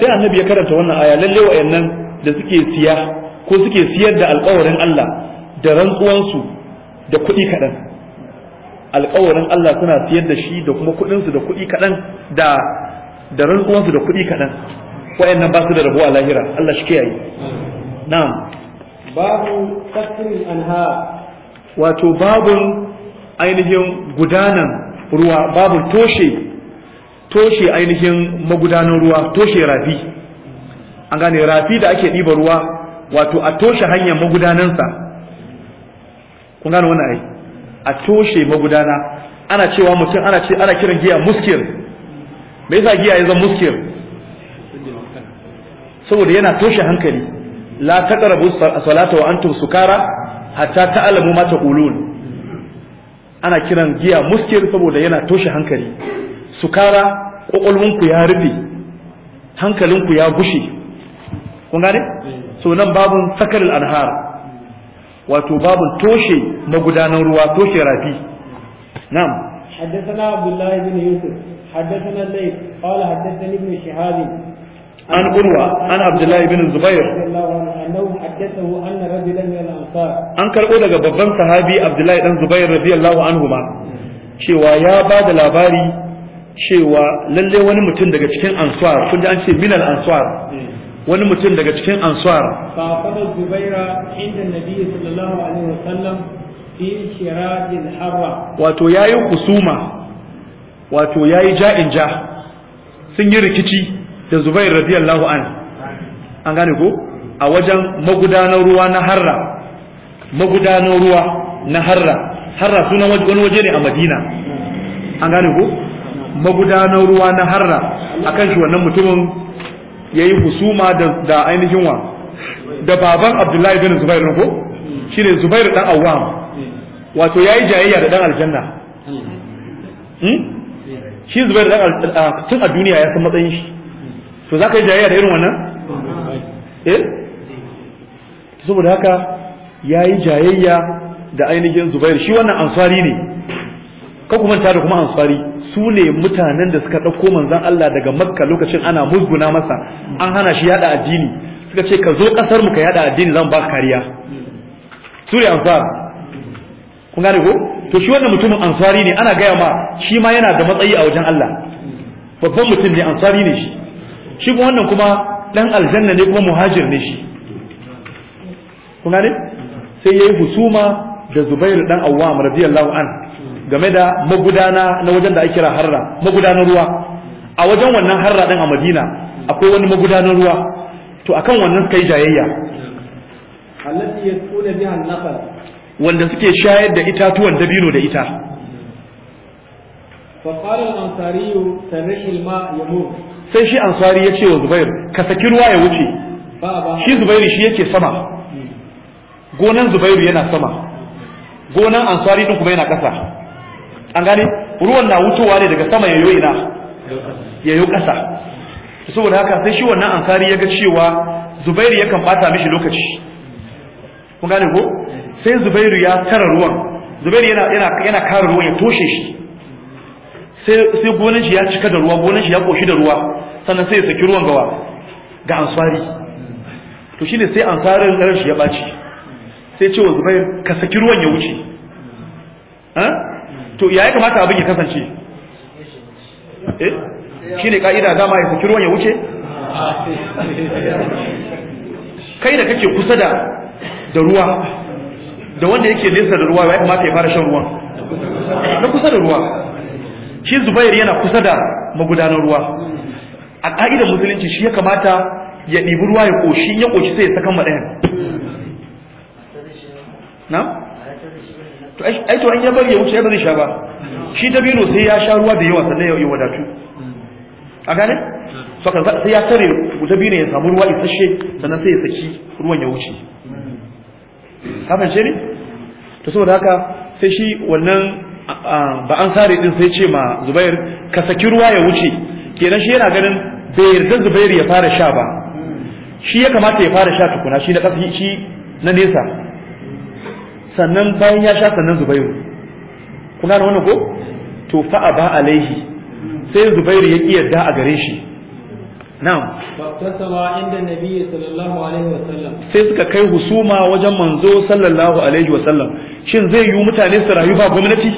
sai annabi ya karanta wannan aya lalle
wa'annan da suke siya ko suke siyar da alƙawarin Allah da rantsuwansu da kuɗi kaɗan alƙawarin Allah suna siyar da shi da kuma kuɗinsu da kuɗi kaɗan da da rantsuwansu da kuɗi kaɗan wayannan ba su da rabo a lahira Allah shi kiyaye na'am
babu kasrin anha
wato babun ainihin gudanan ruwa babu toshe toshe ainihin magudanan ruwa toshe rafi an gane rafi da ake ɗiba ruwa wato a toshe hanyar magudanansa kun gane wannan ai a toshe magudana ana cewa mutum ana ce ana kiran giya muskir me yasa giya ya zama muskir saboda yana toshe hankali la taqrabu salata wa antum sukara hatta ta'lamu ma taqulun ana kiran giya muskir saboda yana toshe hankali sukara kokolwinku ya rufe hankalinku ya gushe kun gane so nan babun sakaril anhar wato babu toshe magudanan ruwa toshe rafi na'am
haddathana abdullahi bin yusuf haddathana lay qal Haddasa na shihab an urwa an abdullahi bin zubair annahu haddathahu anna rajulan min al-ansar an karɓo
daga babban sahabi
abdullahi dan zubair radiyallahu anhu ma cewa ya ba da labari cewa lalle wani mutum daga cikin ansar kun ji an ce min al wani mutum daga cikin ansuwar.
fa qala zubaira inda nabi sallallahu alaihi wasallam fi shiradil harra
wato yayi kusuma wato yayi ja'in ja sun yi rikici da zubair radiyallahu anhu an gane ko a wajen magudanar ruwa na harra magudanar ruwa na harra harra sunan wani waje ne a madina an gane ko magudanar ruwa na harra akan shi wannan mutumin yayi husuma da da ainihin wa da baban Abdullahi bin zubairu ko ne zubairu dan Awwam wato yi jayayya da dan aljanna hmm? shi Zubairu dan tun a duniya ya san matsayin shi to ka yi jayayya da irin wannan eh saboda haka ya yi jayayya da ainihin Zubairu. shi wannan ansari ne ka kuma ta da kuma ansari su ne mutanen da suka ɗauko manzan Allah daga makka lokacin ana musguna masa an hana shi yada addini suka ce ka zo ƙasar mu ka yada addini zan ba kariya su ne ansar kun gane ko to shi wannan mutumin ansari ne ana gaya ma shi ma yana da matsayi a wajen Allah babban mutum ne ansari ne shi shi kuma wannan kuma dan aljanna ne kuma muhajir ne shi kun gane sai yayi husuma da Zubairu dan Awwam radiyallahu anhu game da magudana na wajen da ake kira harra magudanar ruwa a wajen wannan harra din a madina akwai wani magudanar ruwa to akan wannan suka yi jayayya biha naqal wanda suke shayar da itatuwan dabino da ita
فقال الأنصاري
sai shi ansari ya ce wa zubair ka saki ruwa ya wuce shi zubairu shi yake sama hmm. gonan zubairu yana sama gonan ansari din kuma yana ƙasa an gane ruwan na wutowa ne daga sama yayo ina yayo ƙasa saboda haka sai shi wannan ansari ya ga cewa zubairu yakan bata mishi lokaci kun gane ko sai zubairu ya tara ruwan zubairu yana yana yana kare ruwan ya toshe shi sai sai gonan shi ya cika da ruwa gonan shi ya koshi da ruwa sannan sai ya saki ruwan gawa ga ansari to shine sai ansarin ran shi ya baci sai ce wa ka saki ruwan ya wuce to ya kamata abin ya kasance eh? Shi ne ka'ida za ma saki ruwan ya wuce kai da kake kusa da ruwa da wanda yake nesa da ruwa ya kamata ya fara shan ruwa. na kusa da ruwa shi zubair yana kusa da magudanar ruwa a ka'idar musulunci shi ya kamata ya ɗibi ruwa ya ƙoshi ya ƙoshi sai ya sakan maɗayan na to ai to an ya bari ya wuce ya zai sha ba shi dabino sai ya sha ruwa da yawa sannan ya wadatu a gane
saka sai ya tare
dabino ya samu ruwa isasshe sannan sai ya saki ruwan ya wuce kafin ce ne to saboda haka sai shi wannan ba an sare din sai ce ma Zubair ka saki ruwa ya wuce kenan shi yana ganin bai yarda Zubair ya fara sha ba shi ya kamata ya fara sha tukuna shi na shi na nesa sannan bayan ya sha sannan zubairu kun gane wannan ko to fa a alaihi sai zubairu ya ƙi yadda a gare shi na'am
faktasama inda nabiyyi sallallahu alaihi wa sallam
sai suka kai husuma wajen manzo sallallahu alaihi wa sallam shin zai yi mutane su rayu ba gwamnati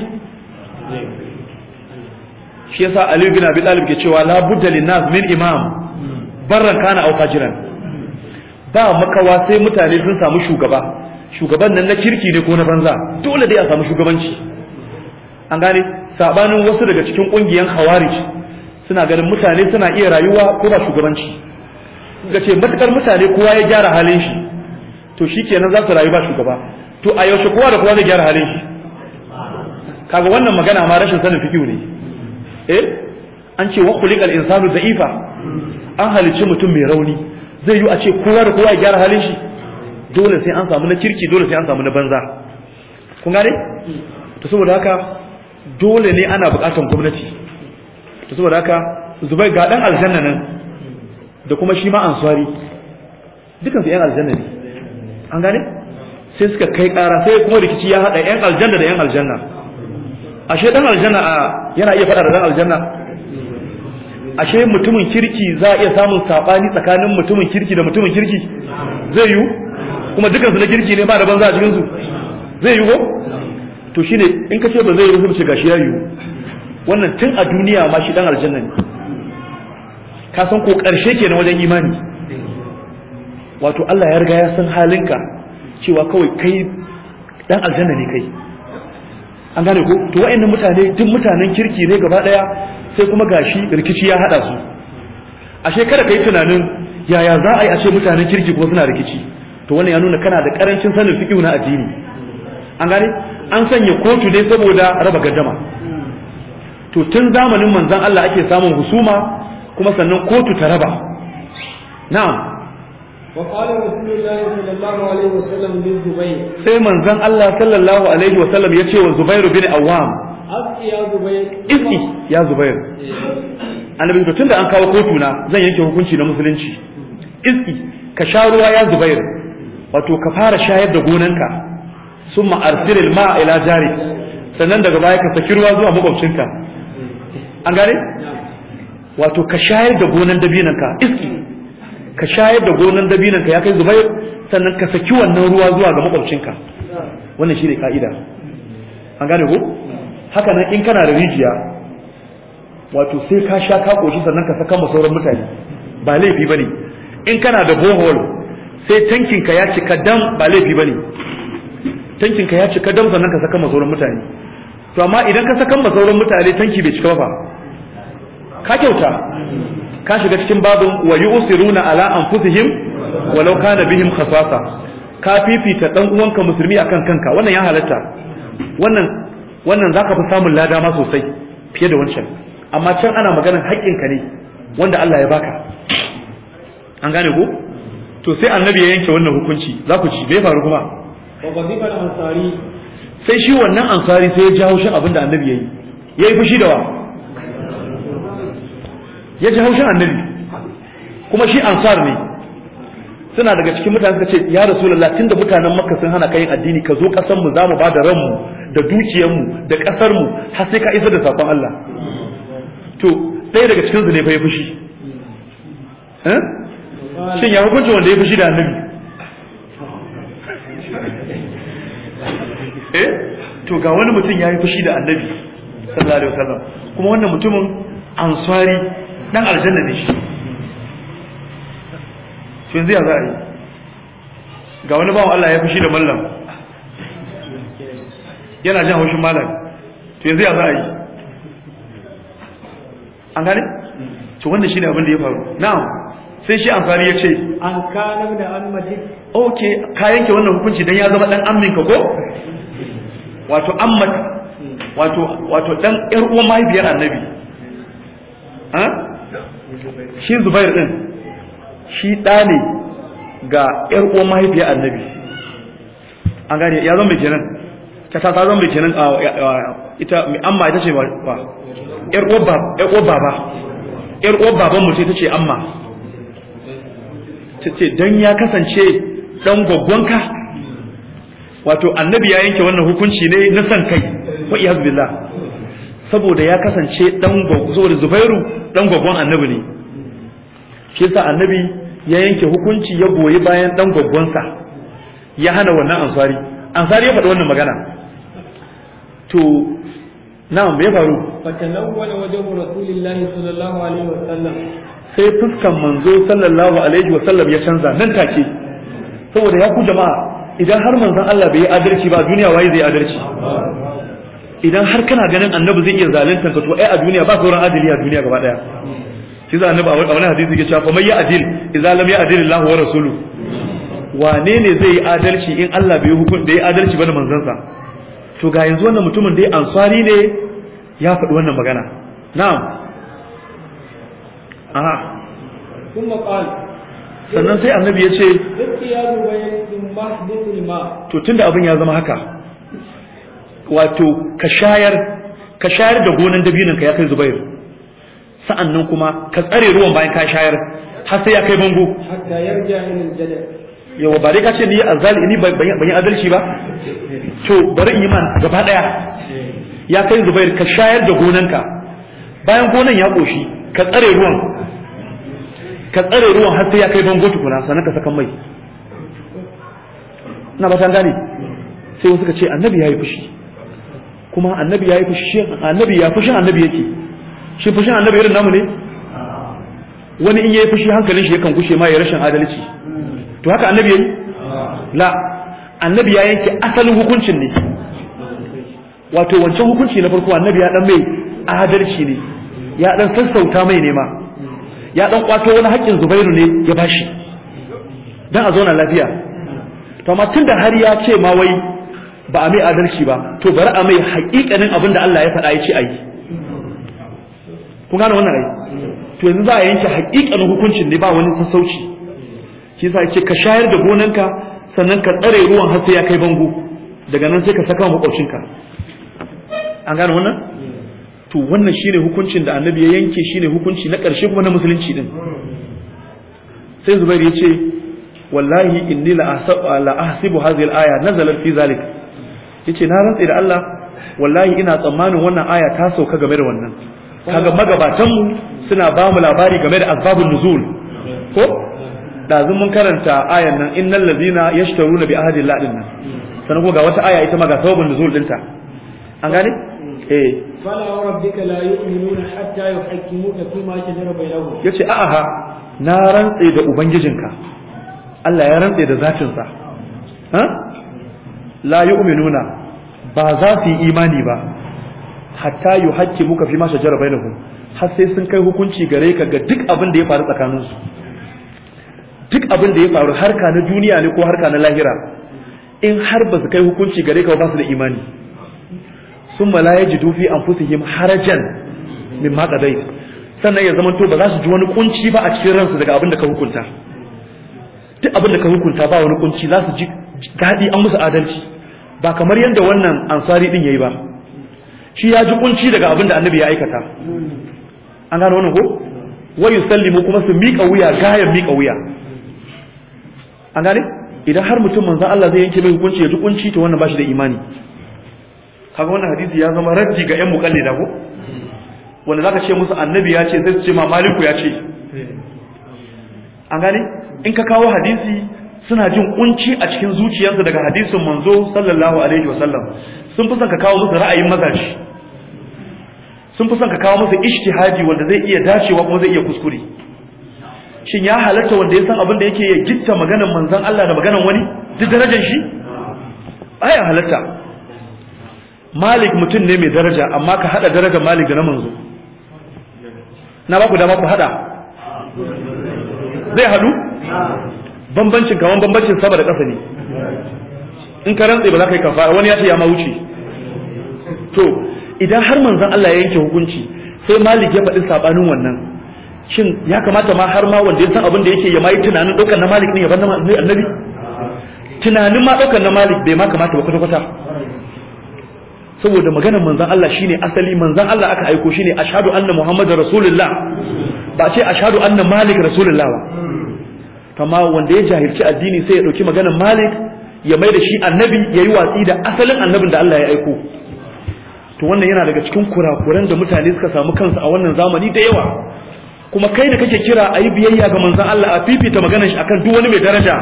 shi yasa Ali bin Abi Talib ke cewa la budda linnas min imam barran kana au fajiran ba makawa sai mutane sun samu shugaba shugaban nan na kirki ne ko na banza dole dai a samu shugabanci an gane sabanin wasu daga cikin kungiyan khawarij suna ganin mutane suna iya rayuwa ko ba shugabanci ga ce matukar mutane kowa ya gyara halin shi to shi kenan za su rayu ba shugaba to a yaushe kowa da kowa zai gyara halin shi kaga wannan magana ma rashin sanin fikihu ne eh an ce wa kulikal insanu da'ifa an halicci mutum mai rauni zai yi a ce kowa da kowa ya gyara halin shi dole sai an samu na kirki dole sai an samu na banza kun gane to saboda haka dole ne ana bukatan gwamnati to saboda haka zubai ga dan aljanna nan da kuma shi ma ansari dukan su yan aljanna ne an gane sai suka kai kara sai kuma rikici ya hada yan aljanna da yan aljanna ashe dan aljanna a yana iya fada da dan aljanna ashe mutumin kirki za a iya samun sabani tsakanin mutumin kirki da mutumin kirki zai yiwu kuma dukansu na kirki ne ba da banza a cikin su zai yi ko to shine in ka ce ba zai yi ce gashi ya yi? wannan tun a duniya ma shi dan aljanna ne ka san ko karshe kenan wajen imani wato Allah ya riga ya san halinka cewa kawai kai dan aljanna ne kai an gane ko to wayannan mutane duk mutanen kirki ne gaba daya sai kuma gashi rikici ya hada su ashe kada kai tunanin yaya za a yi a ce mutanen kirki kuma suna rikici to wannan ya nuna kana da karancin sanin fiqh na addini an gane an sanya kotu dai saboda raba gaddama to tun zamanin manzon Allah ake samun husuma kuma sannan kotu ta raba na'am
وقال
رسول الله sallallahu alaihi wa sallam للزبير سي منزل الله Allah الله عليه وسلم يتي والزبير بن عوام اسقي يا زبير
اسقي
يا زبير annabi to da an kawo kotuna zan yanke hukunci na musulunci iski ka sha ruwa ya Zubairu. wato ka fara shayar da gonanka sun ma'arsirin ma ila jari sannan daga baya ka saki ruwa zuwa makwabcinka an gane wato ka shayar da gonan dabinanka iski ka shayar da gonan dabinanka ya kai zubair sannan ka saki wannan ruwa zuwa ga makwabcinka wannan shi ne ka'ida an gane ko haka nan in kana da rijiya wato sai ka sha ka koshi sannan ka saka ma sauran mutane ba laifi ba ne in kana da bohol sai tankinka ya cika dam ba laifi ba ne tankinka ya cika dam sannan ka saka ma mutane to amma idan ka saka ma mutane tanki bai cika ba ka kyauta ka shiga cikin babin wa yusiruna ala anfusihim walau kana bihim khasasa ka fifita dan uwanka musulmi akan kanka wannan ya halatta wannan wannan zaka fi samun lada ma sosai fiye da wancan amma can ana maganar haƙƙinka ne wanda Allah ya baka an gane ko to sai annabi ya yanke wannan hukunci za ku ci bai faru kuma sai shi wannan ansari sai ya jawo shi abin annabi ya yi ya yi fushi da wa ya ji haushin annabi kuma shi ansar ne suna daga cikin mutane suka ce ya rasu rasulullah da mutanen makka sun hana kayan addini ka zo kasan mu zamu ba da ranmu da dukiyarmu da kasar mu har sai ka isa da sakon Allah to ɗaya daga cikin su ne fa ya fushi eh?
shin ya hukunci wanda ya fushi da annabi eh
to ga wani mutum ya yi fushi da annabi sallallahu alaihi wasallam kuma wannan mutumin ansari dan aljanna ne shi to yanzu ya za a yi ga wani bawan Allah ya fushi da mallam yana jan haushin mallam to yanzu ya za a yi an gane to wannan shine abin da ya faru na'am sai shi amfani ya ce an kana da an majid okay ka yanke wannan hukunci dan ya zama dan amin ka ko wato amma wato wato dan yar uwan mahaifiyar annabi
ha shi
zubair din shi da ne ga yar uwan mahaifiyar annabi an gane ya zama kenan ta ta zama kenan ah, ita amma ita ce ba yar uwar baba yar uwa baban mu ce ita ce amma ta ce dan ya kasance dan gwaggonka wato annabi ya yanke wannan hukunci ne na san kai wa iya zubila saboda ya kasance dan gwaggo saboda zubairu dan gwaggon annabi ne shi sa annabi ya yanke hukunci ya goyi bayan dan gwaggonsa ya hana wannan ansari ansari ya faɗi wannan magana to na'am me ya faru
fatanawwala wajhu rasulillahi sallallahu alaihi wasallam
sai fuskan manzo sallallahu alaihi wa sallam ya canza nan take saboda ya ku jama'a idan har manzon Allah bai yi adalci ba duniya waye zai adalci idan har kana ganin annabi zai iya zalunta ka to ai a duniya ba sauran adali a duniya gaba daya shi za annabi a wani hadisi yake cewa fa mai ya adil idza lam ya adil Allah wa rasuluhu wane ne zai yi adalci in Allah bai hukun da ya adalci ba da manzansa to ga yanzu wannan mutumin dai ansari ne ya faɗi wannan magana na'am aha
kuma qal sannan sai annabi ya ce
to tunda abin ya zama haka wato ka shayar ka shayar da gonan dabinin ka ya kai zubairu nan kuma ka tsare ruwan bayan ka shayar har sai ya kai bango
hatta yarja
yawa ba dai ka ce ni azal ini ban yi adalci ba to bari in yi man gaba daya ya kai zubair ka shayar da gonanka bayan gonan ya koshi ka tsare ruwan ka tsare ruwan har sai ya kai bango tukuna sannan ka saka mai ina ba ta gane sai wasu ka ce annabi ya yi fushi kuma annabi ya yi fushi annabi ya fushin annabi yake shi fushin annabi irin namu ne wani in yayi fushi hankalin shi yakan kushe ma ya rashin adalci to haka annabi yayi la annabi ya yanke asalin hukuncin ne wato wancan hukunci na farko annabi ya dan mai adalci ne ya dan sassauta mai ne ma ya dan kwato wani haƙƙin zubairu ne ya bashi dan a zauna lafiya to amma tunda har ya ce ma wai ba a mai adalci ba to bari a mai haƙiƙanin abin da Allah ya faɗa ya ce a yi kun gane wannan ai to yanzu za a yanke haƙiƙanin hukuncin ne ba wani sassauci shi yasa yake ka shayar da gonanka sannan ka tsare ruwan har sai ya kai bango daga nan sai ka saka maƙwabcinka. an gane wannan to wannan shine hukuncin da annabi ya yanke shine hukunci na ƙarshe kuma na musulunci din sai zubair ya ce wallahi inni la ahsibu hadhihi al-aya nazalat fi zalik yace na rantsa da Allah wallahi ina tsammanin wannan aya ta sauka game da wannan kaga magabatan mu suna ba mu labari game da asbabun nuzul ko da mun karanta ayan nan innal ladina yashtaruna bi ahdi Allah din nan sanan ko ga wata aya ita ma ga sababun nuzul dinta an gane eh
fala wa rabbika la yu'minuna hatta yuhaqqimuka ma shajara bainahum yace a'a
na rantse da ubangijinka Allah ya rantse da zatin sa ha la yu'minuna ba za su yi imani ba hatta yuhaqqimuka ma shajara bainahum har sai sun kai hukunci gare ka ga duk abin da ya faru tsakaninsu duk abin da ya faru harka na duniya ne ko harka na lahira in har ba su kai hukunci gare ka ba su da imani summa la yajidu fi yi harajan mimma qadayt sannan ya zama to ba za su ji wani kunci ba a cikin ransu daga abin da ka hukunta duk abin da ka hukunta ba wani kunci za su ji daɗi an musu adalci ba kamar yadda wannan ansari din yayi ba shi ya ji kunci daga abin da annabi ya aikata an gano wannan ko wayu sallimu kuma su miƙa wuya gayan miƙa wuya an gane idan har mutum manzon Allah zai yanke mai hukunci ya ji kunci to wannan ba shi da imani kaga wannan hadisi ya zama raddi ga yan muqallida ko wanda zaka ce musu annabi ya ce sai su ce ma maliku ya ce an gane in ka kawo hadisi suna jin kunci a cikin zuciyarsu daga hadisin manzo sallallahu alaihi wasallam sun fi son ka kawo musu ra'ayin mazaji sun fi son ka kawo musu ijtihadi wanda zai iya dacewa kuma zai iya kuskure shin ya halatta wanda ya san abin da yake ya gitta maganar manzon Allah da maganar wani duk darajar shi baya halarta. malik mutum ne mai daraja amma ka hada daraja malik da na manzo na ba ku dama ku hada zai hadu bambancin kaman bambancin sama da ƙasa ne in ka rantse ba za ka yi kafa wani ya ce ya ma wuce to idan har manzan Allah ya yanke hukunci sai malik ya faɗi sabanin wannan shin ya kamata ma har ma wanda ya san abin da yake ya ma yi tunanin ɗaukar na malik ne ya bar na annabi tunanin ma ɗaukar na malik bai ma kamata ba kwata-kwata saboda maganar manzan Allah shine asali manzan Allah aka aiko shine ashhadu anna muhammadar rasulullah ba ce ashhadu anna malik rasulullah ba kama wanda ya jahilci addini sai ya dauki maganar malik ya mai da shi annabi ya yi watsi da asalin annabin da Allah ya aiko to wannan yana daga cikin kurakuran da mutane suka samu kansu a wannan zamani da yawa kuma kai da kake kira a yi biyayya ga manzan Allah a fifita maganar shi akan duk wani mai daraja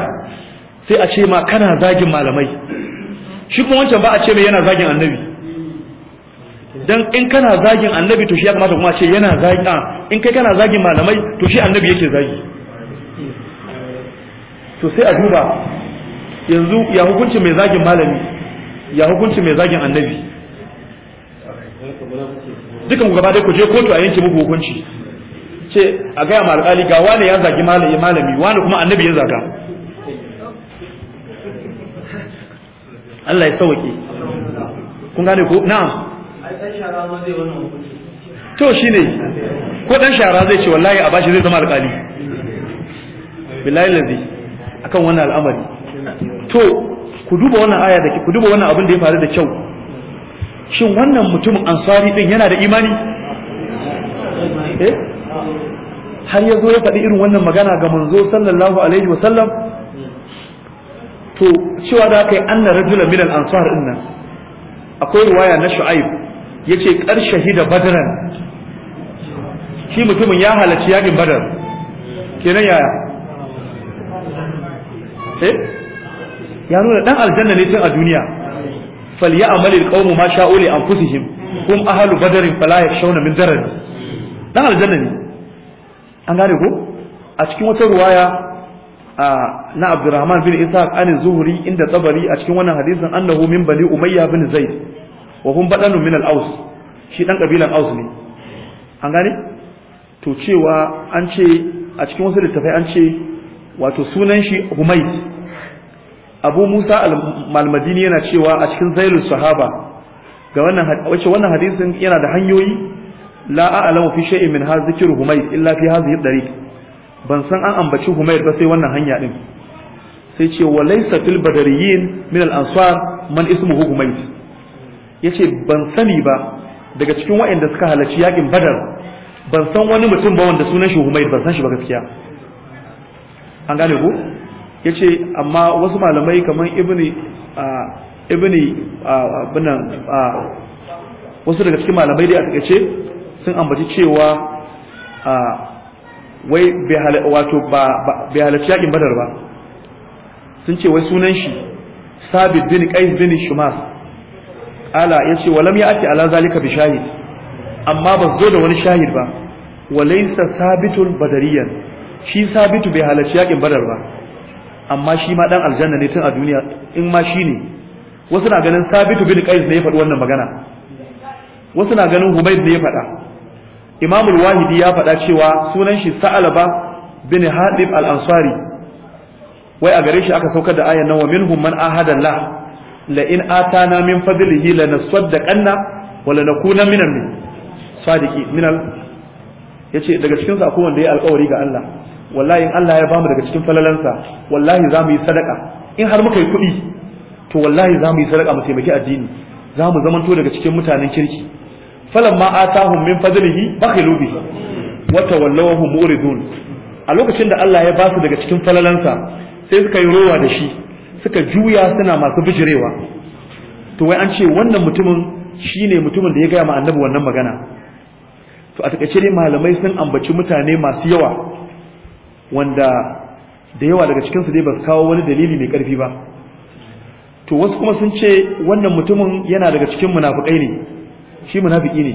sai a ce ma kana zagin malamai shi kuma wancan ba a ce mai yana zagin annabi dan in kana zagin annabi to shi ya kamata kuma ce yana zagi in kai kana zagin malamai to shi annabi yake zagi to sai a duba yanzu ya hukunci mai zagin malami ya hukunci mai zagin annabi
dukan gaba dai ku je kotu a yanke muku
hukunci ce a gaya ma alƙali ga wani ya zagi malami malami wani kuma annabi ya zaga
Allah ya sauke kun gane ko na'am to shi ne ko ɗan
shara zai ce wallahi a bashi zai zama alƙali billahi lazi akan wannan al'amari to ku duba wannan aya da ku duba wannan abin da ya faru da kyau shin wannan mutumin ansari ɗin yana da imani eh? har ya zo ya faɗi irin wannan magana ga manzo sallallahu alaihi wa sallam to cewa da kai anna rajulan rajula al-ansar nan, akwai ruwaya na shu'aib Ya yace kar shahida badran shi mutumin ya halarci yakin badar kenan yaya eh ya nuna dan aljanna ne tun a duniya Fal falyamal alqawmu ma sha'u li anfusihim hum ahlu badrin fala yakshawna min darar dan aljanna ne an gane ko a cikin wata ruwaya na Abdurrahman bin Ishaq an Zuhuri, inda Tabari a cikin wannan hadisin annahu min bani Umayya bin Zaid wa hum badanu min al'aus, shi dan ƙabilan aus ne an gane to cewa an ce a cikin wasu littafai an ce wato sunan shi humayd abu musa al-malmadini yana cewa a cikin zailul sahaba ga wannan wace wannan hadisin yana da hanyoyi la a'lamu fi shay'in min hadha zikru humayd illa fi hadhihi dariq ban san an ambaci humayd ba sai wannan hanya din sai ce wa laysa fil badariyin min al-ansar man ismuhu humayd yace ban sani ba daga cikin waɗanda suka halarci yakin badar ban san wani mutum ba wanda sunan shi humaid ban san shi ba gaskiya an gane ko yace amma wasu malamai kamar ibni ibni binan wasu daga cikin malamai da a ce sun ambaci cewa wai wato bai halarci yakin badar ba sun ce wai sunan shi sabit bin qais bin shumas ala ce walam ake ala zalika bi shahid amma ba zo da wani shahid ba walaysa sabitul badariyan shi sabitu bai halarci yakin badar ba amma shi ma dan aljanna ne tun a duniya in ma shi ne wasu na ganin sabitu bin qais ne ya faɗi wannan magana wasu na ganin humayd ne ya faɗa imamul wahidi ya faɗa cewa sunan shi sa'alaba bin hadib al-ansari wai a gare shi aka saukar da ayan nan wa minhum man ahada la in atana min fadlihi la nasaddaqanna wa la nakuna minal sadiqi minal yace daga cikin sa akwai wanda ya alƙawari ga Allah wallahi in Allah ya bamu daga cikin falalansa wallahi za mu yi sadaka in har muka yi kuɗi to wallahi za mu yi sadaka mu taimaki addini za mu zamanto daga cikin mutanen kirki ma atahum min fadlihi bakhilu bihi wa tawallawhum muridun a lokacin da Allah ya ba su daga cikin falalansa sai suka yi rowa da shi suka juya suna masu bijirewa to wai an ce wannan mutumin shine mutumin da ya gaya ma annabi wannan magana to a takaice dai malamai sun ambaci mutane masu yawa wanda da yawa daga cikinsu dai ba su kawo wani dalili mai karfi ba to wasu kuma sun ce wannan mutumin yana daga cikin munafukai ne shi munafiki ne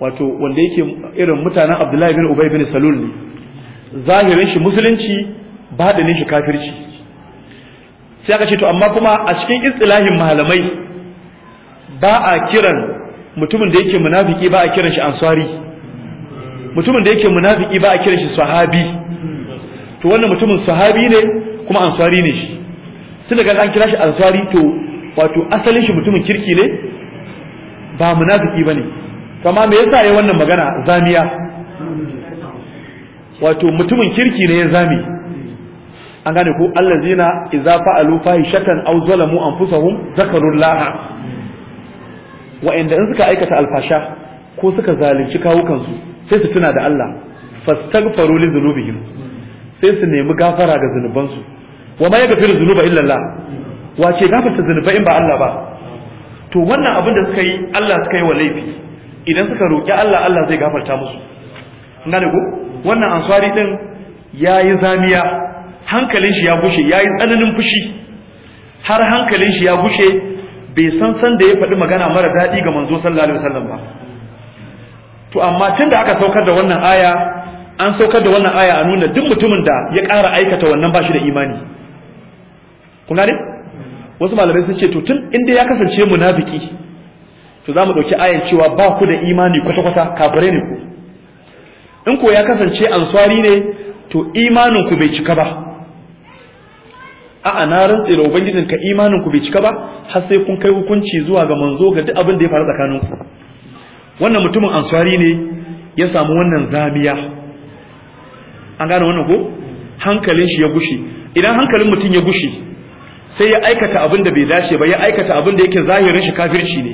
wato wanda yake irin mutanen abdullahi bin ubay bin salul ne zahirin shi musulunci baɗinin shi kafirci sai aka ce to amma kuma a cikin istilahin malamai ba a kiran mutumin da yake munafiki ba a kiran shi ansari mutumin da yake munafiki ba a kiran shi sahabi to wannan mutumin sahabi ne kuma ansari ne shi tun daga an kira shi ansari to wato asalin shi mutumin kirki ne ba munafiki bane kama me yasa ya wannan magana zamiya wato mutumin kirki ne ya zame an gane ko allazina idza fa'alu fahishatan aw zalamu anfusahum zakarullaha wa inda in suka aikata alfasha ko suka zalunci kawukansu sai su tuna da Allah fastaghfiru li dhunubihim sai su nemi gafara ga zunubansu wa ma yaghfiru dhunuba illa Allah wace gafarta zunubai in ba Allah ba to wannan abin da suka yi Allah suka yi wa laifi idan suka roki Allah Allah zai gafarta musu an gane ko wannan ansari din yayi zamiya hankalin shi ya gushe ya yi tsananin fushi har hankalin shi ya bushe bai san san da ya faɗi magana mara daɗi ga manzo sallallahu alaihi wasallam ba to amma tun aka saukar da wannan aya an saukar da wannan aya a nuna duk mutumin da ya ƙara aikata wannan ba shi da imani kun gane wasu malamai sun ce to tun inda ya kasance munafiki to za mu ɗauki ayan cewa ba ku da imani kwata-kwata kafare ne ku in ko ya kasance ansari ne to imanin ku bai cika ba a'a na rantse da ubangijin ka imanin ku bai cika ba har sai kun kai hukunci zuwa ga manzo ga duk abin da ya faru tsakanin ku wannan mutumin ansari ne ya samu wannan zamiya an gane wannan ko hankalin shi ya gushi idan hankalin mutum ya gushi sai ya aikata abin da bai dace ba ya aikata abin da yake zahirin shi kafirci ne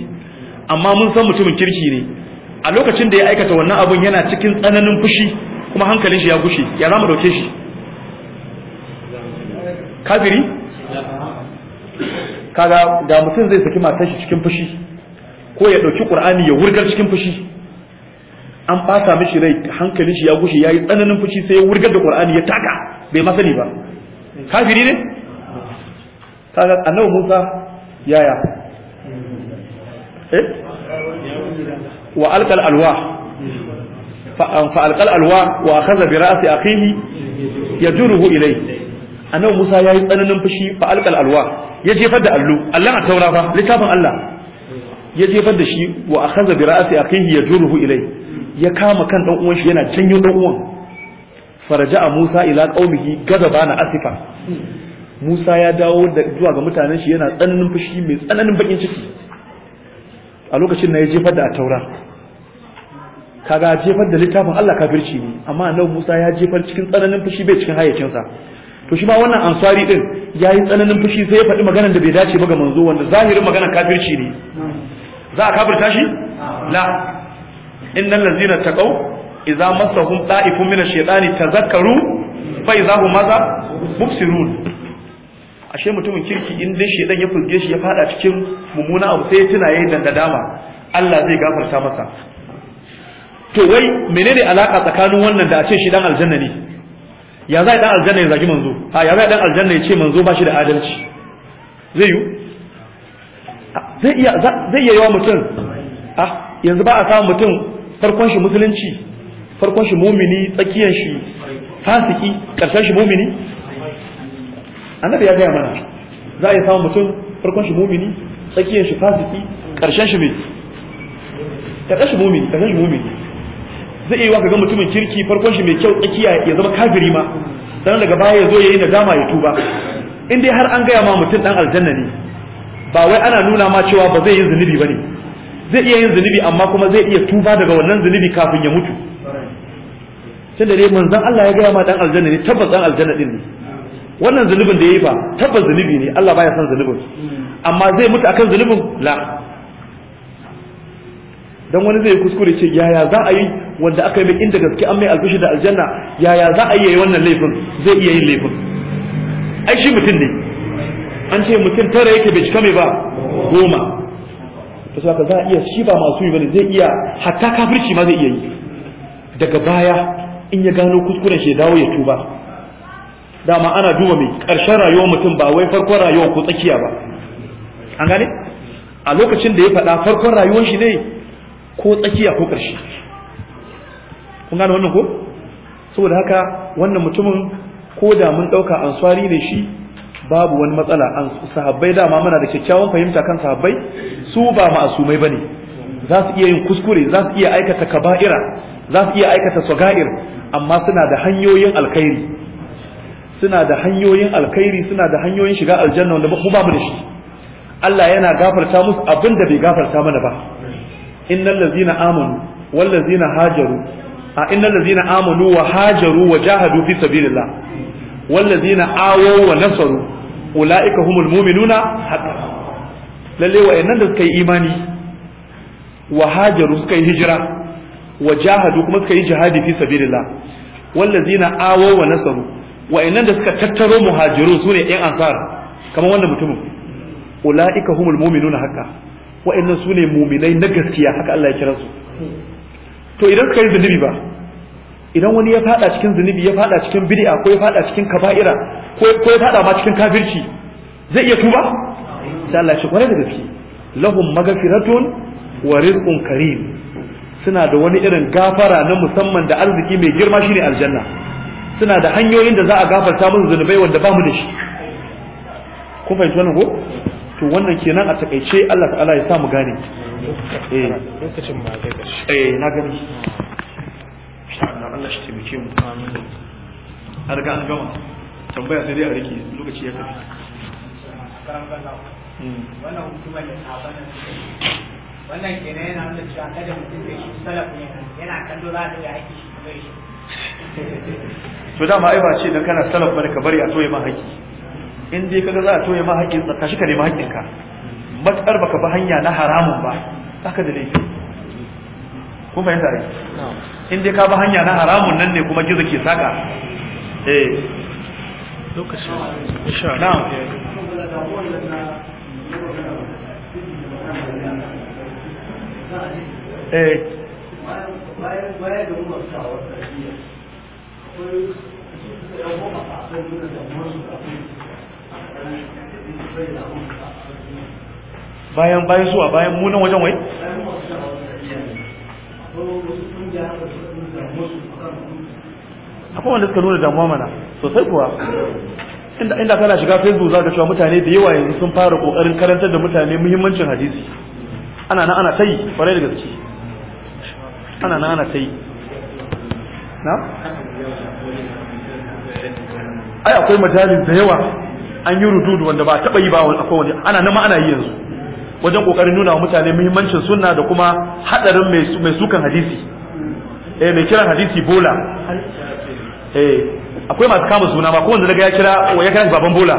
amma mun san mutumin kirki ne a lokacin da ya aikata wannan abun yana cikin tsananin fushi kuma hankalin shi ya gushi ya zama dauke shi kafiri kaga ga mutum zai saki matar shi cikin fushi ko ya dauki qur'ani ya wurgar cikin fushi an ɓata mishi rai hankalin shi ya gushe yayi tsananin fushi sai ya wurgar da qur'ani ya taka bai ma sani ba kafiri ne kaga annabi Musa yaya eh wa alqal alwa fa alqal alwa wa akhadha bi ra'si akhihi
yajruhu ilayhi
annabi Musa yayi tsananin fushi fa alqal alwa ya jefar da allo Allah a taura fa littafin Allah ya jefar da shi wa akhadha bi ra'si akhihi yajruhu ilay ya kama kan dan uwan shi yana janyo dan uwan faraja Musa ila qaumihi gadabana asifa Musa ya dawo da zuwa ga mutanen shi yana tsananin fushi mai tsananin bakin ciki a lokacin na ya jefar da taura kaga jefar da littafin Allah kafirci ne amma annabi Musa ya jefar cikin tsananin fushi bai cikin hayyacinsa to shi ma wannan ansari din yi tsananin fushi sai ya faɗi maganar da bai dace ba ga manzo wanda zahirin maganar kafirci ne za a kafirta shi la innal ladzina taqaw idza massahum ta'ifun min ash-shaytani tazakkaru fa idza hum maza mubsirun ashe mutumin kirki in dai shedan ya fulge shi ya fada cikin mummuna abu sai ya tuna yayin dandadama Allah zai gafarta masa to wai menene alaka tsakanin wannan da a ce shi dan aljanna ne ya za a dan aljanna ya zagi manzo a ya za a dan aljanna ya ce manzo ba shi da adalci zai yi zai iya zai iya yawa mutum a yanzu ba a samu mutum farkon shi musulunci farkon shi mumini tsakiyar shi fasiki karshen shi mumini annabi ya gaya mana za a iya samu mutum farkon shi mumini tsakiyar shi fasiki karshen shi mai karshen shi mumini karshen shi mumini zai iya ka ga mutumin kirki farkon shi mai kyau tsakiya ya zama kafiri ma sannan daga baya ya zo ya yi nadama ya tuba in dai har an gaya ma mutum dan aljanna ne ba wai ana nuna ma cewa ba zai yi zunubi ba ne zai iya yin zunubi amma kuma zai iya tuba daga wannan zunubi kafin ya mutu tunda dai manzon Allah ya gaya ma dan aljanna ne tabbas dan aljanna din ne wannan zunubin da yayi ba tabbas zunubi ne Allah baya san zunubin amma zai mutu akan zunubin la dan wani zai kuskure ce yaya za a yi wanda aka yi inda gaske an mai albishi da aljanna yaya za a yi wannan laifin zai iya yin laifin ai shi mutum ne an ce mutum tara yake bai cika mai ba goma ta saka za a iya shi ba masu yi bane zai iya hatta kafirci ma zai iya yi daga baya in ya gano kuskuren shi dawo ya tuba dama ana duba mai karshen rayuwar mutum ba wai farkon rayuwar ko tsakiya ba an gane a lokacin da ya faɗa farkon rayuwar shi ne ko tsakiya ko ƙarshe kun gane wannan ko saboda haka wannan mutumin ko da mun ɗauka answari ne shi babu wani matsala an sahabbai dama muna da kyakkyawan fahimta kan sahabbai su ba ma'asumai bane za su iya yin kuskure za su iya aikata kaba'ira za su iya aikata sagair amma suna da hanyoyin alkhairi suna da hanyoyin alkhairi suna da hanyoyin shiga aljanna wanda mu ba mu da shi Allah yana gafarta musu abin da bai gafarta mana ba innal ladzina amanu wal ladzina hajaru a innal ladzina amanu wa hajaru wa jahadu fi sabilillah wal ladzina awaw wa nasaru ulaika humul mu'minuna haqqan lalle wayannan da suka yi imani wa hajaru suka yi hijira wa jahadu kuma suka yi jihadi fi sabilillah wal ladzina awaw wa nasaru wayannan da suka tattaro muhajiru sune yan ansar kamar wanda mutumin ulaika humul mu'minuna haqqan wa'annan su ne muminai na gaskiya haka Allah ya kira su to idan suka yi zunubi ba idan wani ya fada cikin zunubi ya fada cikin bid'a ko ya fada cikin kaba'ira ko ko ya fada ma cikin kafirci zai iya tuba insha Allah shi kware da gaske lahum maghfiratun wa rizqun karim suna da wani irin gafara na musamman da arziki mai girma shine aljanna suna da hanyoyin da za a gafarta musu zunubai wanda ba mu da shi kun fahimci wannan ko to wannan kenan a takaice Allah ta'ala ya sa mu gane eh lokacin ba zai gashi eh na gani Allah shi taimake mu amin an riga an gama tambaya sai dai a rike lokaci ya
tafi
hmm. wannan hukumar da sabana wannan kenan yana nuna cewa kada mutum da shi salaf ne yana kallo za ta ga haƙi
shi
to dama ai ba ce dan kana salaf bane ka bari a toye ma haƙi in dai kaga za a toye ma haƙƙin ka shi ka nemi haƙƙin ka matsar baka ba hanya na haramun ba haka da laifi kun fahimta ai in dai ka ba hanya na haramun nan ne kuma gizo ke saka eh lokaci insha Allah
eh bayan
bayan bayan suwa bayan munan wajen wai akwai wanda suka nuna damuwa mana sosai kuwa inda kana shiga facebook za ka cewa mutane da yawa yanzu sun fara kokarin karantar da mutane muhimmancin hadisi ana nan ana ta yi kwarai da gaske ana nan ana ta yi
na ai akwai majalis da yawa
an yi rududu wanda ba taɓa yi ba akwai wani ana nama ana yi yanzu wajen ƙoƙarin nuna wa mutane muhimmancin sunna da kuma hadarin mai sukan hadisi eh mai kiran hadisi bola eh akwai masu kama suna ma kowanne daga ya kira ya kira baban bola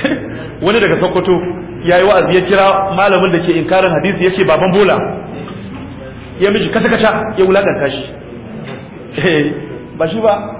wani daga sokoto ya yi wa'azi ya kira malamin da ke inkarin hadisi ya ce baban bola ya miji kasa kasa ya wulakanta shi eh, ba shi ba